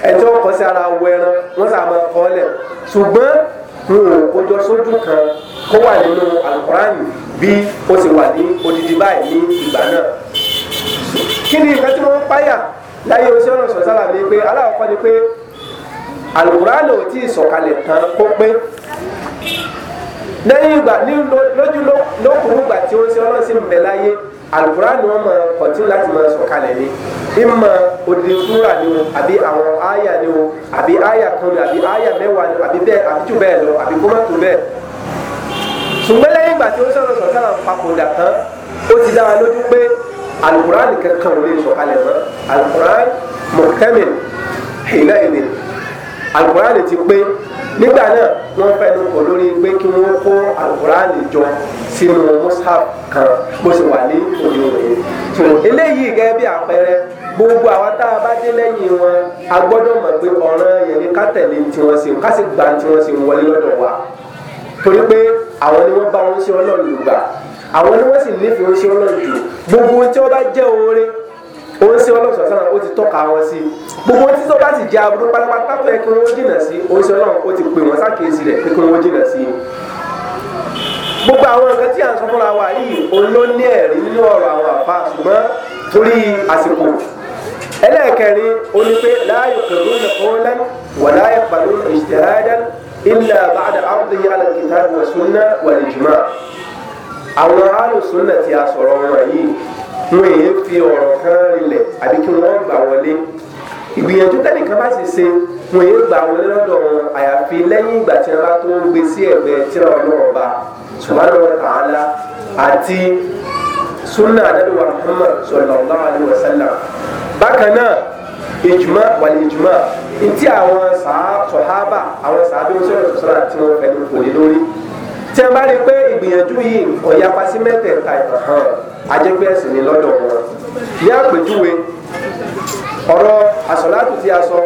ẹni tí ó kọ́ sí ara awọ ẹran wọ́n sà mọ kọ́lẹ̀ ṣùgbọ́n wọn ò kójọ sójú kan kó wà nínú àlùkùránì bí ó sì wà ní odidi báyìí ní ìgbà náà kí ni ìfẹ́ tí wọ́n páyà láyé alukuran ò tí ì sọ̀kalẹ̀ tán kó pé lẹ́yìn ìgbà ní lójú lókùnrin ìgbà tí ó ń ṣe ọlọ́run sí mbẹ láyé alukuran ni wọ́n máa kọ̀tún láti máa sọ̀kalẹ̀ ni ìmọ̀ òde fúnra ni o àbí àwọn àyà ni o àbí àyà kan ni àbí àyà mẹ́wàá ni àbí bẹ́ẹ̀ àbí jù bẹ́ẹ̀ lọ àbí kọ́mọ́ bẹ́ẹ̀ ṣùgbọ́n lẹ́yìn ìgbà tí ó ń sọ̀rọ̀ sọ̀tàn papòdà tán ó ti dá lójú pé alukuran kankan ò lè sọ̀kalẹ̀ alukurani ti pé nígbà náà wọ́n fẹnu kò lórí pé kí wọ́n kó alukurani jọ sínú mushaf kan bó ṣe wà ní òde òde tó eléyìí gẹ́gẹ́ bí àpẹẹrẹ gbogbo àwọn tá a bá dé lẹ́yìn wọn a gbọ́dọ̀ mọ̀ pé ọ̀ràn yẹn ni ká tẹ̀lé tiwọn sí ká sì gba tiwọn sí wọlé lọ́dọ̀ wa torí pé àwọn ni wọ́n bá wọn ṣe ọlọ́run lùgbà àwọn ni wọ́n sì nífẹ̀ẹ́ wọn ṣe ọlọ́run jù gbogbo tí wọ́n bá jẹ́ oore ó ń ṣe ọlọ́run sọ̀sán ó ti tọ́ka wọn sí gbogbo ohun tí tó bá ti jẹ aburú pátápátá tó yẹ kí wọ́n sí ó ń ọlọ́run ó ti pè wọ́n sákèésí rẹ̀ pé kí wọ́n sí gbogbo àwọn nǹkan tí à ń sọ fúnra wa yìí òun ló ní ẹ̀rí nínú ọ̀rọ̀ àwọn àfa ṣùgbọ́n torí àsìkò ẹlẹ́ẹ̀kẹrin ó ní pé láàyò kẹrù ní ọ̀lẹ́ wà láàyò pàdé ilẹ̀ wọn èyí fi ọ̀rọ̀ kan rinlẹ̀ àbí kí wọ́n gbà wọlé ìgbìyànjú tẹ́nìkan bá sì ṣe wọn èyí gbà wọlé lọ́dọ̀ wọn àyàfi lẹ́yìn ìgbà tí wọn bá tó ń gbé sí ẹ̀gbẹ́ tí wọn lọ́rọ̀ bá subhanahu wa ta'ala àti sunna anabi wa muhammad sallallahu alaihi wa sallam bákan náà ìjùmọ̀ wàlẹ̀ ìjùmọ̀ ntí àwọn sàá sọ̀hábà àwọn sàá bí wọ́n sọ̀rọ̀ sọ̀rọ̀ àti wọn fẹ́ẹ́ lórí tí a bá rí i pé ìgbìyànjú yìí ọ̀yà pasí mẹ́tẹ̀ẹ̀ta ìtàn ajẹ́pẹ́ ẹ̀sìn ni lọ́dọ̀ wọn ní àpèjúwe ọ̀rọ̀ àsọ̀látù tí a sọ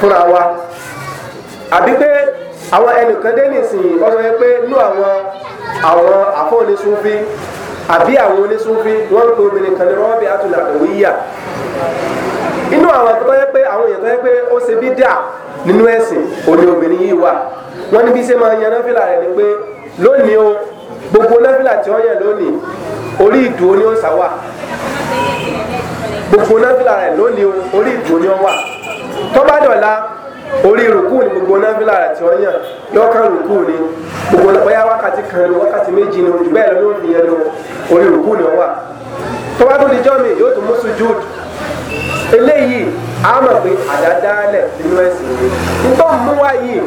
fúnra wa àbí pé àwọn ẹnìkan dé nìsín ọ̀sọ̀ yẹn pé nú àwọn àwọn àbí àwọn wọ́n ń pe obìnrin kan ní rọ́ọ̀bì inú àwọn pé àwọn èèyàn tó pé ó ṣe bí dà nínú ẹ̀sìn òní obìnrin yìí wà wọ́n ní bí ṣe máa yan lónìí o gbogbo náfìlà tí wọ́n yẹ lónìí orí ìdúró ni ó sá wà gbogbo náfìlà rẹ̀ lónìí o orí ìdúró ni ó wà tó bá dọ̀la orí rùkú ni gbogbo náfìlà rẹ̀ tí wọ́n yàn lọ́kàn rùkú ni gbogbo bóyá wákàtí kan ni wákàtí méjì ni ojú bẹ́ẹ̀ lọ́nà òfin yẹn ni orí rùkú ni ó wà tó jọ́mi yóò tún mú sujúd eléyìí a mọ̀ pé àdádálẹ̀ nínú ẹ̀sìn ni nítorí mú wá yìí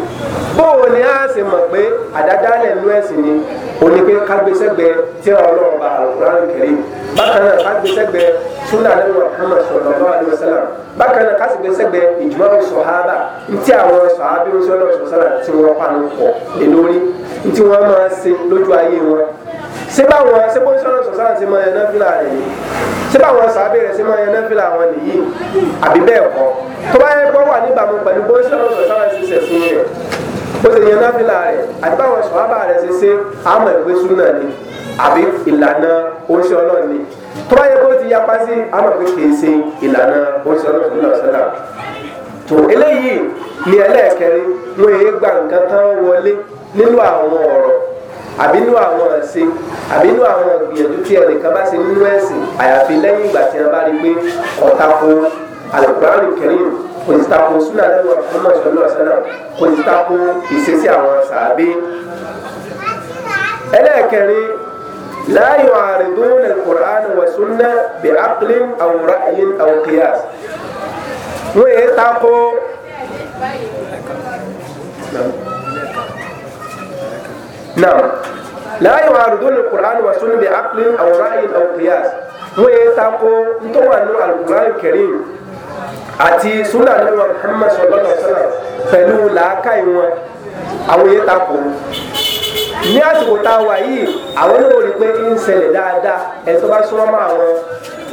bóò ni a sì mọ̀ pé àdádálẹ̀ nínú ẹ̀sìn ni òní pé kágbésẹ́gbẹ́ tí ọlọ́run bá àlùkùránì kẹrin bákan náà kágbésẹ́gbẹ́ súnà lẹ́nu ọ̀hánmà sọ̀rọ̀ àdúrà sẹ́là bákan náà kágbésẹ́gbẹ́ ìjùmọ̀ sọ̀hábà ntí àwọn sọ̀hábà ń sọ̀rọ̀ sọ̀sọ̀rọ̀ tí wọ́n pa síbá wọn síbó sọ̀nà sọ̀sán ti máa yan náfìlà rẹ̀ ni síbá wọn sàbẹ̀ rẹ̀ sí máa yan náfìlà wọn nìyí àbí bẹ́ẹ̀ kọ́ tó bá yẹ gbọ́ wà níbàámu pẹ̀lú bó sọ̀nà sọ̀sán ti sẹ̀sìn rẹ̀ bó ṣe yan náfìlà rẹ̀ àti báwọn sọ̀hábà rẹ̀ ṣe ṣe àmọ̀ ìwé súnà ni àbí ìlànà oṣù ọlọ́run ni tó bá yẹ kó ti yapa sí àmọ̀ pé kì í ṣe ìlànà oṣù ọlọ́run sọ̀rọ̀ tó eléyìí ni ẹlẹ́ẹ̀kẹrin wọn àbínú àwọn ẹ̀sìn àbínú àwọn ìgbìyànjú tí ẹnìkan bá ti nínú ẹ̀sìn àyàfi lẹ́yìn ìgbà tí a bá rí pé ọ̀tá fún alùpùpù kẹrin kò sì takò súnà lẹ́wọ̀n àkọ́mọ̀ ìṣọ̀lọ́ sẹ́nà kò sì takò ìṣesí àwọn sàábé. ẹlẹ́ẹ̀kẹrin láàyò àrídùn al-Qur'an wa sunna bi aqlin aw ra'yin aw qiyas. wọ́n yẹ takò náà láàyè wà àrùdó ní Qur'an wà sún bí aklin àwọn ráyìn àwọn kìyàs wọ́n yẹ tako ntọ́wà ní alukur'an karim àti sunna ní wa Muhammad sallallahu alaihi wa sallam pẹ̀lú làákàyè wọn àwọn yẹ tako ní àsìkò tá a wà yìí àwọn náà rí i pé ń ṣẹlẹ̀ dáadáa ẹ̀ tó bá súnmọ́ àwọn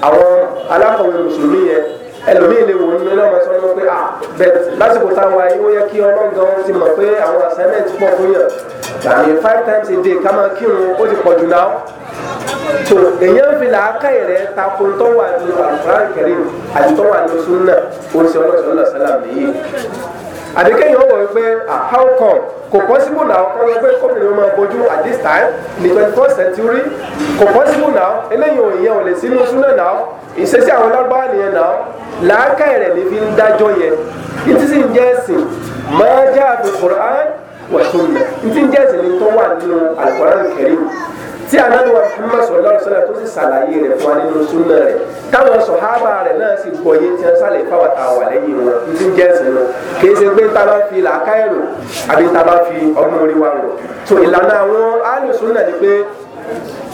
àwọn alákọ̀wé mùsùlùmí yẹn ẹlòmíì lè wò nínú ilé ọmọ sọ́nà pé ah bẹ́ẹ̀ lásìkò táwọn ayé ó yẹ kí ọlọ́run gan ti mọ̀ pé àwọn assignment pọ̀ fún yàn tàbí five times a day ká máa kírun ó ti pọ̀ jù náà so èyàn fi làákà yẹrẹ tako tó wà ní àlùfáà kẹrì àti tó wà ní sunna ó ṣe ọlọ́sọ̀ ọlọ́sọ̀lá nìyí àdékẹ́yìn ọ̀wọ̀ pé ah, how come kò possible now kọ́ lọ pé kọ́mìnrin máa bójú at this time ní twenty first century kò possible now eléyìí òyìn ò lè sínú sunna now ìṣesí àwọn lọ́gbọ́n nìyẹn náà làákà rẹ̀ ní fi ń dájọ́ yẹn ìtí sì ń jẹ́ ẹ̀sìn máa jẹ́ àfi Qur'an wa sunna ìtí ń jẹ́ ẹ̀sìn ní tó wà nínú Al-Qur'an Karim tí Ànábì wa Muhammad sallallahu alaihi wasallam tó sì ṣàlàyé rẹ̀ fún wa nínú súnà rẹ̀ táwọn sọ̀hábà rẹ̀ náà sì gbọ́ yé tí wọ́n sálẹ̀ fáwọn tá a wà lẹ́yìn wọn ìtí ń jẹ́ ẹ̀sìn lọ kì í ṣe pé tá bá fi làákà ẹ̀rọ àbí tá bá fi ọmọ orí wa rọ̀ so ìlànà àwọn alùsùn náà ni pé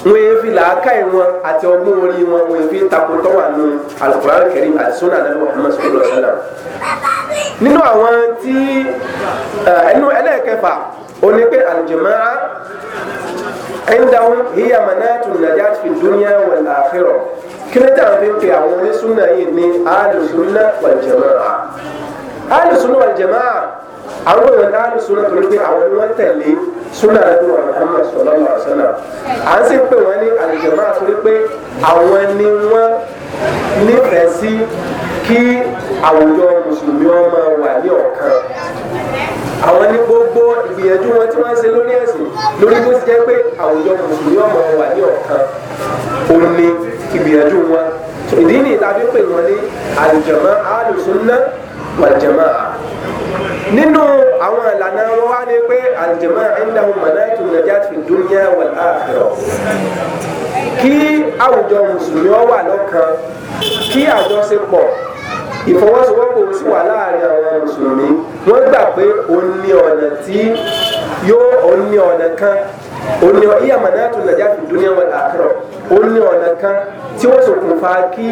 wọn yẹn fi làákà yìí wọn àti ọgbọ́n orí wọn wọn yẹn fi takò tọ́ wà nù Al-Qur'an Karim àti sunna anabi Muhammad sallallahu alaihi wasallam. nínú àwọn tí eh, ẹnu ẹlẹ́ẹ̀kẹfà oní pé al-jama'a indahum fi dunya wal akhirah kí ló ń fi àwọn onísúnà yìí ní al-sunna wal jama'a àwọn èèyàn dáhùn sórí tó ní pé àwọn ni wọ́n tẹ̀lé súnà ẹ̀dùn wà lọ́kànlá sọ̀lá lọ́sọ̀lá à ń sì pè wọ́n ní àlùjọ̀mọ́ àtúrí pé àwọn ni wọ́n nífẹ̀ẹ́ sí kí àwùjọ mùsùlùmí wọn máa wà ní ọ̀kan àwọn ní gbogbo ìgbìyànjú wọn tí wọ́n ṣe lórí ẹ̀sìn lórí bó ti jẹ́ pé àwùjọ mùsùlùmí wọn máa wà ní ọ̀kan òun ni ìgbìyànjú wọn ìdí ni ìtàbí pè wàjẹ̀mọ́ nínú àwọn ìlànà wọn wá ní pé àjẹmọ́ indahum manatu najat fi dunya wal akhirah kí àwùjọ mùsùlùmí ọ wà lọ́kan kí àjọṣepọ̀ ìfọwọ́sowọ́pọ̀ sì wà láàrin àwọn mùsùlùmí wọ́n gbà pé òun ní ọ̀nà tí yóò òun ní ọ̀nà kan òní ọ̀ iya manatu nàjà fi dúnìá wọn àkàrọ̀ òní ọ̀nà kan tí wọ́n ṣokùnfà kí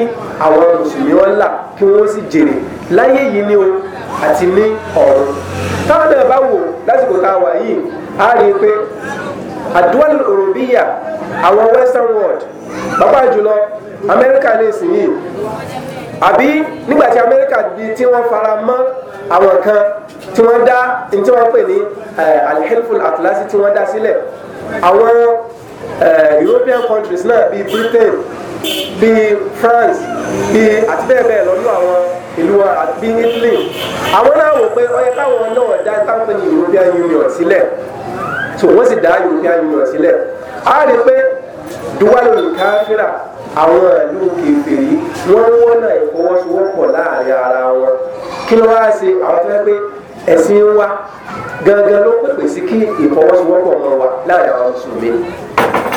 àwọn mùsùlùmí wọn là kí wọ́n sì jèrè láyé yìí ni o àti ní ọ̀run táwọn náà bá wò lásìkò tá a wà yìí a rí i pé àdúwàlù òròbíyà àwọn western world bàbá jùlọ amẹ́ríkà ní ìsinyìí àbí nígbà tí amẹ́ríkà di tí wọ́n fara mọ́ àwọn kan tí wọ́n dá tí wọ́n pè ní eh, alhelful atlasi tí wọ́n dá sílẹ̀ àwọn eh, European countries náà bíi Britain bíi France bíi àti bẹ́ẹ̀ bẹ́ẹ̀ lọ́nà àwọn ìlú wa àbí Italy àwọn náà wò pé ó yẹ káwọn náà dá táwọn European Union sílẹ̀ so wọ́n sì dá European Union sílẹ̀ á rí i pé duwalo káfíra àwọn ìlú kèfèrí wọ́n wọ́n náà ìfọwọ́sowọ́pọ̀ láàrin ara wọn kí ló wá ṣe àwọn tó yẹ pé ẹ̀sìn wa gangan ló pèpè sí kí ìfọwọ́sowọ́pọ̀ wọn wa láàrin àwọn mùsùlùmí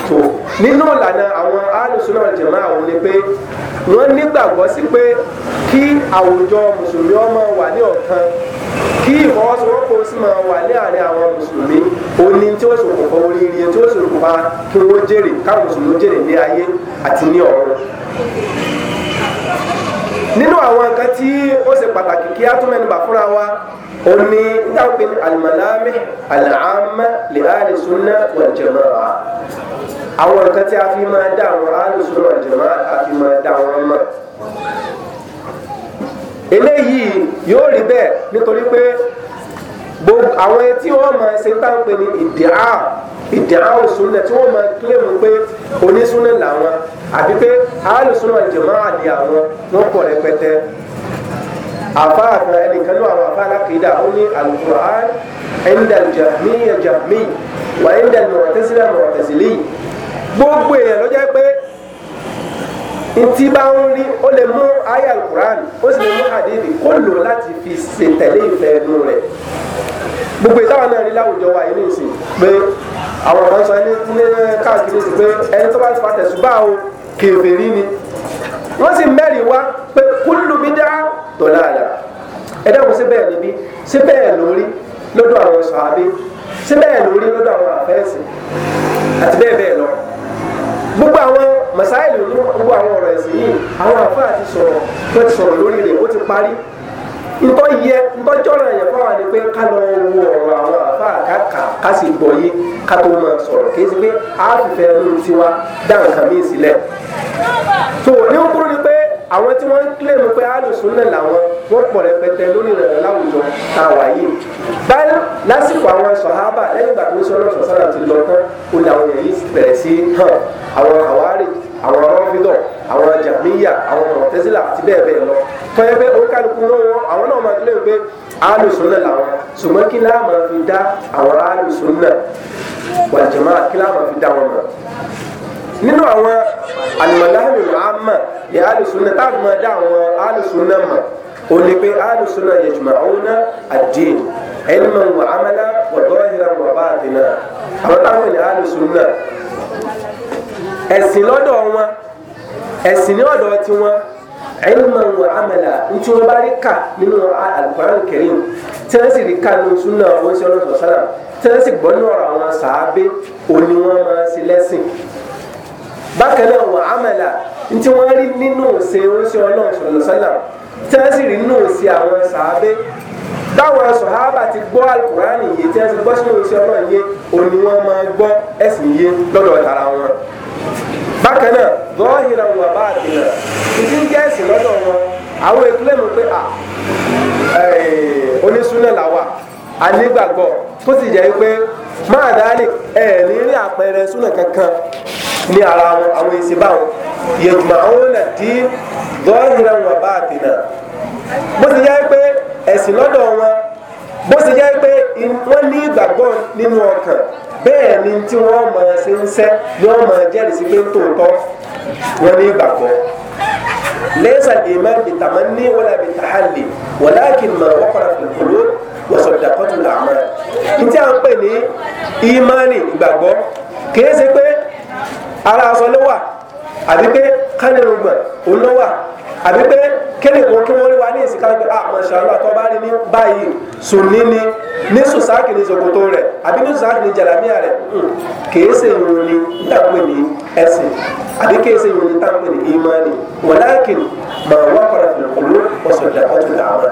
tó nínú ìlànà àwọn alùsùnà àjẹmọ́ àwọn ni pé wọ́n nígbàgbọ́ sí pé kí àwùjọ mùsùlùmí ọmọ wà ní ọ̀kan kí ìfọwọ́sowọ́pọ̀ sì máa wà láàrin àwọn mùsùlùmí oní tí ó ṣokùnfà oríire tí ó ṣokùnfà kí wọ́n jèrè káwọn mùsùlùmí jèrè ní ayé àti ní wa omi táwọn alimalami alaama lè ali sunna wal jamaa àwọn nǹkan tí a fi máa dá àwọn ali sunna wal jamaa a fi máa dá àwọn mọ̀ eléyìí yóò rí bẹ́ẹ̀ nítorí pé gbogbo àwọn tí wọ́n máa ṣe táwọn pè ní ìdíhà ìdíhà òsúnlẹ̀ tí wọ́n máa kílèmù pé onísúnlẹ̀ làwọn àbí pé alùsúnlẹ̀ jamaa àdí àwọn wọ́n pọ̀ rẹpẹtẹ àfáàfẹ́ ẹnìkan ló àwọn àfáà lákìdá ó ní alukur'an ẹ̀ńdà jahmiya jahmi wà ẹ̀ńdà mọ̀tẹ́sílẹ̀ mọ̀tẹ́sílẹ̀ gbogbo èèyàn ló jẹ́ pé ntí bá ń rí ó lè mú ayé alukur'an ó sì lè mú hadithi kó lò láti fi ṣètẹ̀lé ìfẹ́ ẹnu rẹ̀ gbogbo ìtawà náà rí láwùjọ wa yìí nìsín pé àwọn kan sọ ẹni káàkiri sí pé ẹni tó bá ti fa tẹ̀sùbá o kèfèrí ni wọ́n sì mẹ́rin wá pé kúlù bí dá dọ̀là àlà ẹ dákun sí bẹ́ẹ̀ níbí sí bẹ́ẹ̀ lórí lọ́dọ̀ àwọn sàábé sí bẹ́ẹ̀ lórí lọ́dọ̀ àwọn àfẹ́sì àti bẹ́ẹ̀ bẹ́ẹ̀ lọ gbogbo àwọn masáìlì ní gbogbo àwọn ọ̀rọ̀ ẹ̀sìn yìí àwọn àfáà ti sọ̀rọ̀ tó ti sọ̀rọ̀ lórí rẹ̀ ó ti parí ntọ́ yẹ ntọ́jọ́ náà yẹ fún wa ni pé ká lọ wo ọ̀rọ̀ àwọn àfa àkàkà ká sì gbọ́ yé ká tó máa sọ̀rọ̀ kì í sì pé a fìfẹ́ lóru tiwa dá nǹkan mí sílẹ̀ tó ní kúrú ni àwọn tí wọ́n ń claim pé alùsùn náà làwọn wọ́n pọ̀ rẹpẹtẹ lórí ìrànlọ́ láwùjọ tá a wà yìí báyìí lásìkò àwọn sọ̀hábà lẹ́yìn ìgbà tó sọ́nà sọ̀sánà ti lọ tán ó ní àwọn yẹ̀yí bẹ̀rẹ̀ sí hàn àwọn àwárí àwọn rọ́fídọ̀ àwọn jàmíyà àwọn mọ̀tẹ́sílà àti bẹ́ẹ̀ bẹ́ẹ̀ lọ fẹ́ẹ́ pé oníkálukú wọn àwọn náà máa claim pé alùsùn náà làwọn ṣùgbọ́n kí láà máa fi dá àwọn alùsùn náà wàjẹ̀má kí láà nínú àwọn alimọ̀láhìlì làámà ní alùsùnà táàbù máa dá àwọn alùsùnà mà ó ní pé alùsùnà yẹjùmọ̀ àwọn náà àdéhùn ilman wa amala wa dọ́hìrà wa báàdínà àwọn táwọn ní alùsùnà ẹ̀sìn lọ́dọ̀ wọn ẹ̀sìn ní ọ̀dọ̀ tiwọn ilman wa amala ntí wọn bá rí kà nínú alukoran kẹrin tí wọn sì rí kà nínú sunna wọn ṣe ọlọsọ sálà tí wọn sì gbọ́ bákan náà amala wọ́n rí nínú òsè oríṣi ọlọ́run sọ́là tí wọ́n sì rí nínú òsè àwọn sàábé báwọn sọ̀hábà ti gbọ́ alukurani yìí tí wọ́n ti gbọ́ sínú òsè ọlọ́run òní wọ́n máa gbọ́ ẹ̀sìn yìí lọ́dọ̀ tara wọn. bákan náà bá ìdí ń jẹ́ ẹ̀sìn lọ́dọ̀ wọn àwọn ìpínlẹ̀ eh, kankan ní ara wọn àwọn èsì báwọn yẹ̀dùmọ̀ àwọn ọ̀nà tí dọ́ọ̀hìnrà wọn bá àtẹnà bó ti jẹ́ pé ẹ̀sìn lọ́dọ̀ wọn bó ti jẹ́ pé wọ́n ní ìgbàgbọ́ nínú ọkàn bẹ́ẹ̀ ni tí wọ́n máa ṣe ń sẹ́ ni wọ́n máa jẹ́rìí sí pé tòótọ́ wọ́n ní ìgbàgbọ́ ليس الإيمان بالتمني ولا بالتحلي ولكن ما وقر في القلوب وصدقته الأعمال ǹ tí a ń pè ní ìmánì ìgbàgbọ́ kì í ṣe pé ara aṣọ ló wà àbí pé kálí rògbòn òun ló wà àbí pé kéde kan kí wọ́n rí ní ìsìnká pé ah mọ̀ṣálá tó bá rí ní báyìí sùnní ni ní sùsáàkì ní ṣòkòtò rẹ̀ àbí ní sùsáàkì ní jàlámíà rẹ̀ kìí ṣe ìròyìn táwọn ní ẹ̀sìn àbí kìí ṣe ìròyìn táwọn ní ìmánì walakin mà wà padà fìlà pẹ̀lú ọ̀sọ̀ ìjà ọ̀tún làwọn.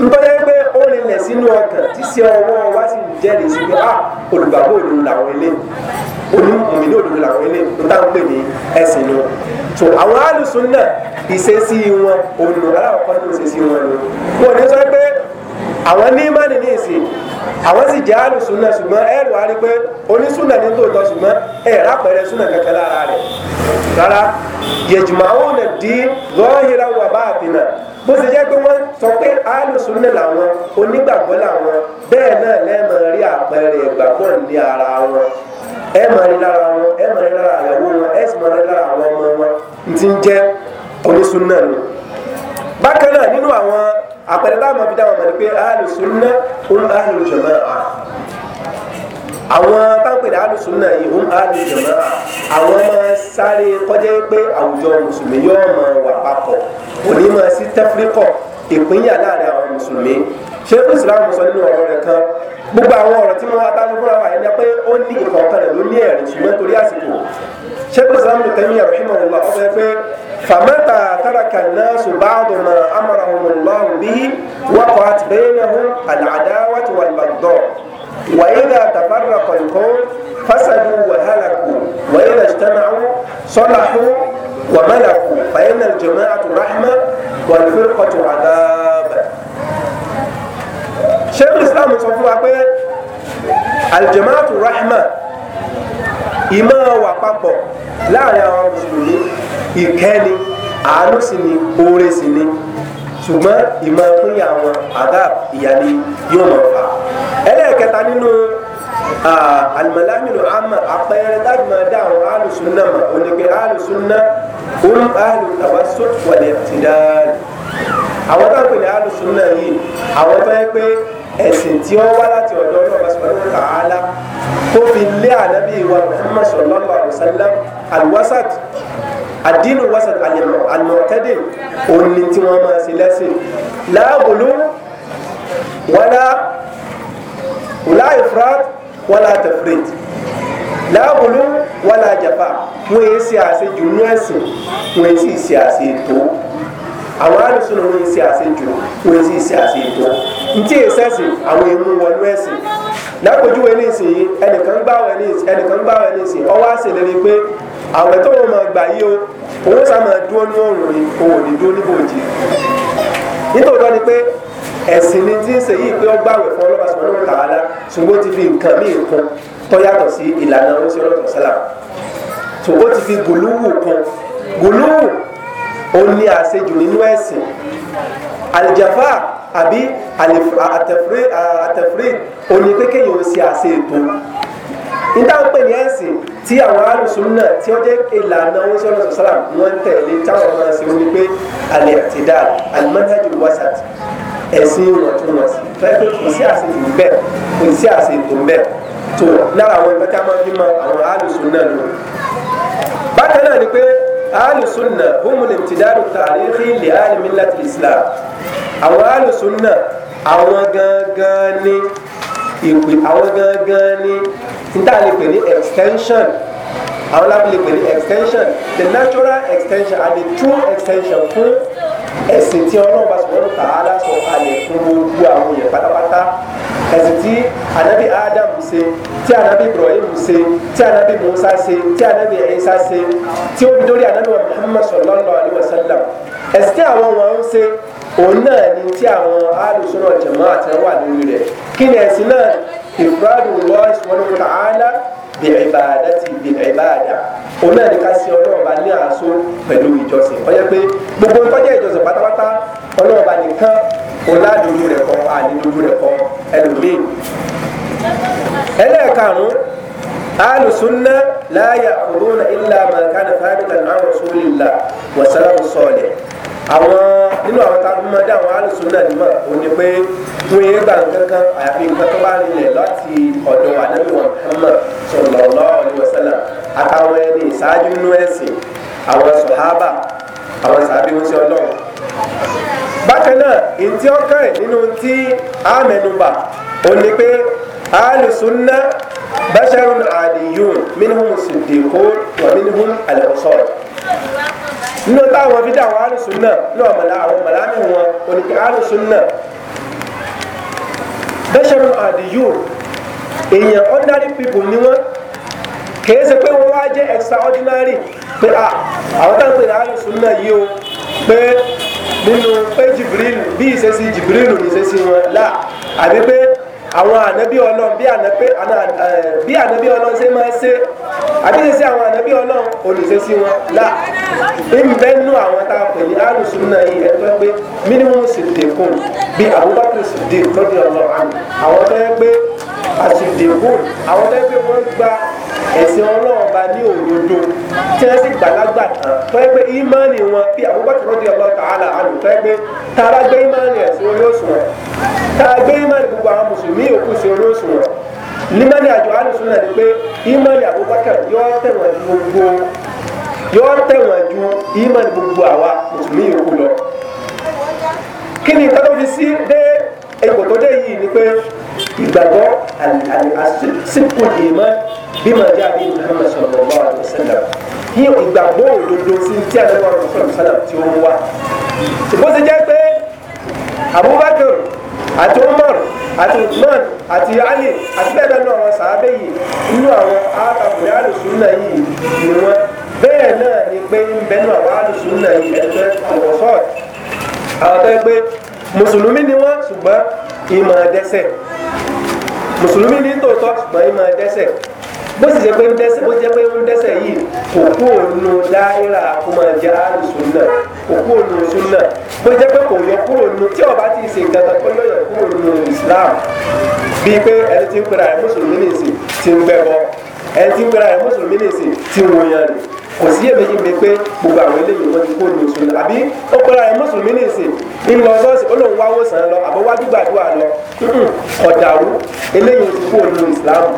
nítorí pé ó rinlẹ̀ sínú ọkàn tí ṣe ọwọ́ wa sì sí pé ah olùgbàgbọ́ òdùn làwọn eléyìí olú mùmínú òdodo làwọn ilé nítawọn pè ní ẹ̀sìn ni wọn so àwọn alùsùn náà ìṣesí wọn ònù aláwọ̀kọ́ ní ìṣesí wọn ni wọn ní sọ pé àwọn ní mánì ní ìsìn àwọn sì jẹ́ alùsùn náà ṣùgbọ́n ẹ wà á rí pé onísùnà ní tòótọ́ ṣùgbọ́n ẹ rápẹ̀rẹ̀ súnà kankan lára rẹ̀ rárá yẹ̀jùmáwò nà dín lọ́hìnrán wà bá àbínà bó ṣe jẹ́ pé wọ́n sọ pé alùsùn náà làwọn onígbàgbọ́ làwọn bẹ́ẹ̀ náà lẹ́ẹ̀mọ̀ rí àpẹẹrẹ ìgbàgbọ́ ní ara wọn ẹ máa rí wọn ẹ máa rí wọn ọmọ wọn ni bákan náà nínú àwọn àpẹẹrẹ táwọn fi dáwọn mọ̀ pé alùsùnnà òun alùjàmáà àwọn táwọn yìí òun àwọn sáré kọjá pé àwùjọ mùsùlùmí yóò máa wà papọ̀ òní máa sí tẹ́fíríkọ̀ ìpínyà láàrin àwọn sẹ́kù ìsìlámù sọ nínú ọ̀rọ̀ rẹ̀ kan gbogbo àwọn ọ̀rọ̀ tí wọ́n bá ní fúnra wa ẹni pé ó ní nǹkan kan rẹ̀ ló ní ẹ̀rí ṣùgbọ́n torí àsìkò sẹ́kù ìsìlámù tẹ̀mí ẹ̀rọ ṣùgbọ́n wọn lọ́wọ́ fẹ́ pé fàmẹ́ta tàràkà náà ṣùgbọ́n àdùnnà amára wọn lọ́wọ́ bí wọ́kọ̀ àti bẹ́ẹ̀ náà àdàdà wàtí wà lọ́dọ̀ وإذا تفرق القوم فسدوا وهلكوا وإذا اجتمعوا صلحوا وملكوا فإن الجماعة رحمة والفرقة عذاب sheikh islam sọ fún wa pé aljamaatu rahma ìmọ̀ wà papọ̀ láàrin àwọn mùsùlùmí ìkẹ́ni àánú sì ni oore sì ni ṣùgbọ́n ìmọ̀ fún àwọn adab ìyàní yóò mọ̀ fà ẹlẹ́ẹ̀kẹta nínú almalaminu ama apẹẹrẹ láti máa dá àwọn alùsùnà mà onígbé alùsùnà ó ń alùtàwásùn wal iqtidal àwọn tó ń pè ní alùsùn náà yìí àwọn tó yẹ pé ẹ̀sìn tí ó wá láti ọ̀dọ̀ ọlọ́ọ̀bá sọ̀rọ̀ tààlà tó fi lé ànábì wa Muhammad sallallahu alaihi wasallam alwasat àdínú wasat alimọ̀tẹ́dẹ̀ òní tí wọ́n máa ṣe lẹ́sìn láàbùlù wala wala ifrat wala tafrit láàbùlù wala jafa wọ́n yé ṣe àṣejù ní ẹ̀sìn wọ́n yé sì ṣe àṣe tó. àwọn àlùsùn ni wọ́n ń ṣe àṣejù wọ́n sì ṣe àṣejù ntí ìṣẹ́sìn àwọn èèmú wọn ní ẹ̀sìn lápòjúwe ní ìsìn ẹnìkan gbáwẹ̀ ní ìsìn ẹnìkan ní ìsìn ọwọ́ pé wọn máa gbà o òun sá dúró ní òrùn yìí òun ò ní dúró ni pé ẹ̀sìn ni tí ń ṣe yìí pé fún ọlọ́pàá sọ̀rọ̀ tààlà ti ìlànà ó ní àṣejù nínú ẹ̀sìn àlìjàfà àbí àtẹ̀fúrí ó ní pé kéèyàn ó ṣe àṣe ètò níta ń pè ní ẹ̀sìn tí àwọn alùsùn náà tí ó jẹ́ ìlànà oníṣẹ́ ọ̀nà sọ̀sálà wọ́n ń tẹ̀lé táwọn ọmọ ẹ̀sìn wọn ni pé àlẹ́ àtìdá alimantajù wasat ẹ̀sìn ìwọ̀ntúnwọ̀nsì fẹ́ẹ́ pé kò sí àṣejù bẹ́ẹ̀ kò sí àṣejù bẹ́ẹ̀ tó lára àwọn ìfẹ́ tí a máa fi mọ àwọn alùsùn náà lò bákan náà ni pé alùsùnà سنة imtidadu الامتداد التاريخي alìmílà ملة الإسلام أو alùsùnà سنة أو ni ìpè àwọn gangan ni níta lè extension أو لا lè pè extension the natural extension and the true extension fún ẹ̀sìn tí ọlọ́run bá sọ̀rọ̀ tààlà sọ̀kalẹ̀ fún gbogbo àwọn yẹn pátápátá ẹ̀sìn tí anabi adam ṣe tí anabi ibrahim ṣe tí anabi musa ṣe tí anabi isa ṣe tí ó fi dórí anabi muhammad sallallahu alayhi wa sallam ẹ̀sìn tí àwọn wọn ń ṣe òun náà ni tí àwọn alùsùn ọ̀jẹ̀mọ́ àtẹ̀wà lórí rẹ̀ kí ni ẹ̀sìn náà ìfúrádù lọ́ọ̀sì wọn ló ta ààlà biibadati biibada òun náà ní ká sin ọlọ́ọ̀ba ní àásó pẹ̀lú ìjọsìn ó pé gbogbo ìtọ́jú ìjọsìn pátápátá ọlọ́ọ̀ba nìkan o ládùúgbò rẹ̀ kọ́ àdìdúgbò rẹ̀ kọ́ ẹlòmíì ẹlẹ́ẹ̀karùn-ún alùsùnà láàyà òrùnà ilà màkànà fábítà náà rasulillah wàsálàmù sọ̀lẹ̀ àwọn nínú àwọn tábùmọ́dé àwọn alùsùnà nímọ̀ ò ní pé wọ́n yé gbà kankan àyàfi nǹkan tó bá rinlẹ̀ láti ọ̀dọ̀ ànábì wọn Muhammad sallallahu alaihi wasallam àtàwọn ẹni ìsáájú nínú ẹ̀sìn àwọn sọ̀hábà àwọn sàbí oúnjẹ ọlọ́run bákan náà ntí ọkàn ẹ̀ nínú ntí àmẹnubà òun ni pé alùsùnà basharun àdìyún minhum siddiqun wa minhum al-usar nínú táwọn fi dá àwọn alùsùnà náà mọ̀lá àwọn mọ̀lá mi wọn òun ni pé alùsùnà basharun àdìyún èèyàn ordinary people ni wọ́n kìí ṣe pé wọ́n wá jẹ́ extraordinary pé ah, àwọn táwọn pè ní alùsùnà yìí o pé nínú pé jibril bí ìṣesí jibril ò ní ìṣesí wọn là àbí pé àwọn ànábí ọlọ́run bí ànábí bí ànábí ọlọ́run ṣe máa ṣe àbíṣesí àwọn ànábí ọlọ́run ò ní ìṣesí wọn là ìbẹ́ nú àwọn tá a pè ní alùsùn náà yìí ẹgbẹ́ pé mínímù sì dẹkùn bí Abubakar sì dé lọ́dún ọlọ́run àwọn tó yẹ pé. àṣìdìkú àwọn tó yẹ pé wọ́n gba ẹ̀sìn ọlọ́ọ̀ba ní òdodo tí wọ́n sì tán wọn bí Abubakar radiyallahu ta'ala anhu tó yẹ pé tá a bá gbé ìmánì ẹ̀sìn olóòṣùwọ̀n tá gbé ìmánì gbogbo àwọn mùsùlùmí òkú sí olóòṣùwọ̀n àjọ náà ni pé gbogbo ìgbàgbọ́ àsìkò dèémá bímọ jẹ́ àbí Muhammad sallallahu alaihi wasallam ní ìgbàgbọ́ òdodo sí tí a lọ́wọ́ ọ̀rọ̀ sọ̀rọ̀ tí ó ń wá. ṣùgbọ́n ti jẹ́ pé Abubakar àti Umar àti Uthman àti Ali àti bẹ́ẹ̀ bẹ́ẹ̀ náà wọn sàábẹ́ yìí inú àwọn arákùnrin alùsùnà yìí ni wọ́n bẹ́ẹ̀ náà ni pé ń bẹ náà wọ́n alùsùnà yìí ẹgbẹ́ àwọn sọ́ọ̀tì àwọn tó ń pé mùsùlùmí ni wọ́n ṣùgbọ́n mùsùlùmí ní tòótọ́ ṣùgbọ́n yìí máa dẹ́ṣẹ̀ bó sì jẹ́ pé ń dẹ́ṣẹ̀ bó sì jẹ́ pé ń dẹ́ṣẹ̀ yìí kò kú ònu dáírà kó máa jẹ́ àrùn súnà kò kú ònu súnà bó jẹ́ pé kò yọ kúrò nu tí ọba ti ṣe nǹkan kan kó ló yọ kúrò nu Islam bíi pé ẹni tí ń pera rẹ̀ mùsùlùmí nìsín ti ń bẹ̀bọ ẹni tí ń pera rẹ̀ mùsùlùmí nìsín ti ń wọnyàn nìsín kò sí èméjì mi pé gbogbo àwọn eléyìí wọ́n ti kó ní oṣù náà àbí ó kọ́ lára mùsùlùmí ní ìsìn nínú ọ̀sọ́ọ̀sì ó lóun wáwó sàn lọ àbọ̀ wájú gbàdúrà lọ ọ̀dàrú eléyìí ti kó ní ìsìlámù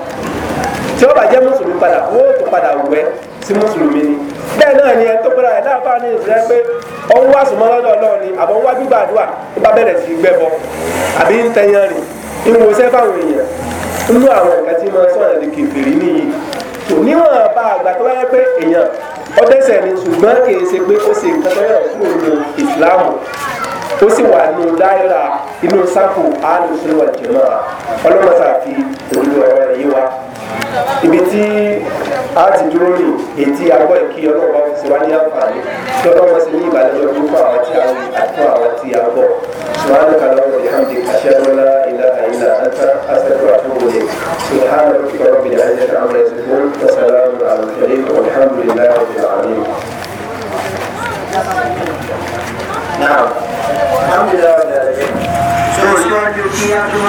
tí ó bá jẹ́ mùsùlùmí padà ó tó padà wẹ́ sí mùsùlùmí ni bẹ́ẹ̀ náà ni ẹni tó kọ́ra ẹ̀ láàbá ní ìsìn pé ọ̀hún wá sùnmọ́ lọ́dọ̀ ọlọ́run ni àbọ̀ wájú gbàdúrà ó bá bẹ̀rẹ̀ sí gbẹ́bọ àbí ń tẹyan rìn ń wo sẹ́fà àwọn èèyàn nínú àwọn nǹkan tí mo sọ̀rọ̀ di kìfìrí nìyí tò níwọ̀n bá àgbà tó wáyé pé èèyàn ọdẹsẹ̀ ni ṣùgbọ́n kì í ṣe pé ó ṣe nǹkan lọ́yọ̀ kúrò ní ìsìláàmù ó sì wà nínú dáírà inú sápò àlùsùn wà jẹ̀mọ́ra ọlọ́mọsàfi olú ọ̀rọ̀ yìí wá. ibi tí a ti dúró ní ètí agbọ́ ìkí ọlọ́wọ́ fi ṣe wá ní àǹfààní tí ọlọ́wọ́ sì ní ìbàlẹ́jọ́ tó fún àwọn tí a wù àti àwọn tí a bọ̀ سبحانك اللهم وبحمدك أشهد أن لا إله إلا أنت أستغفرك وأتوب إليك سبحان ربك رب العزة عما يصفون وسلام على المرسلين والحمد لله رب العالمين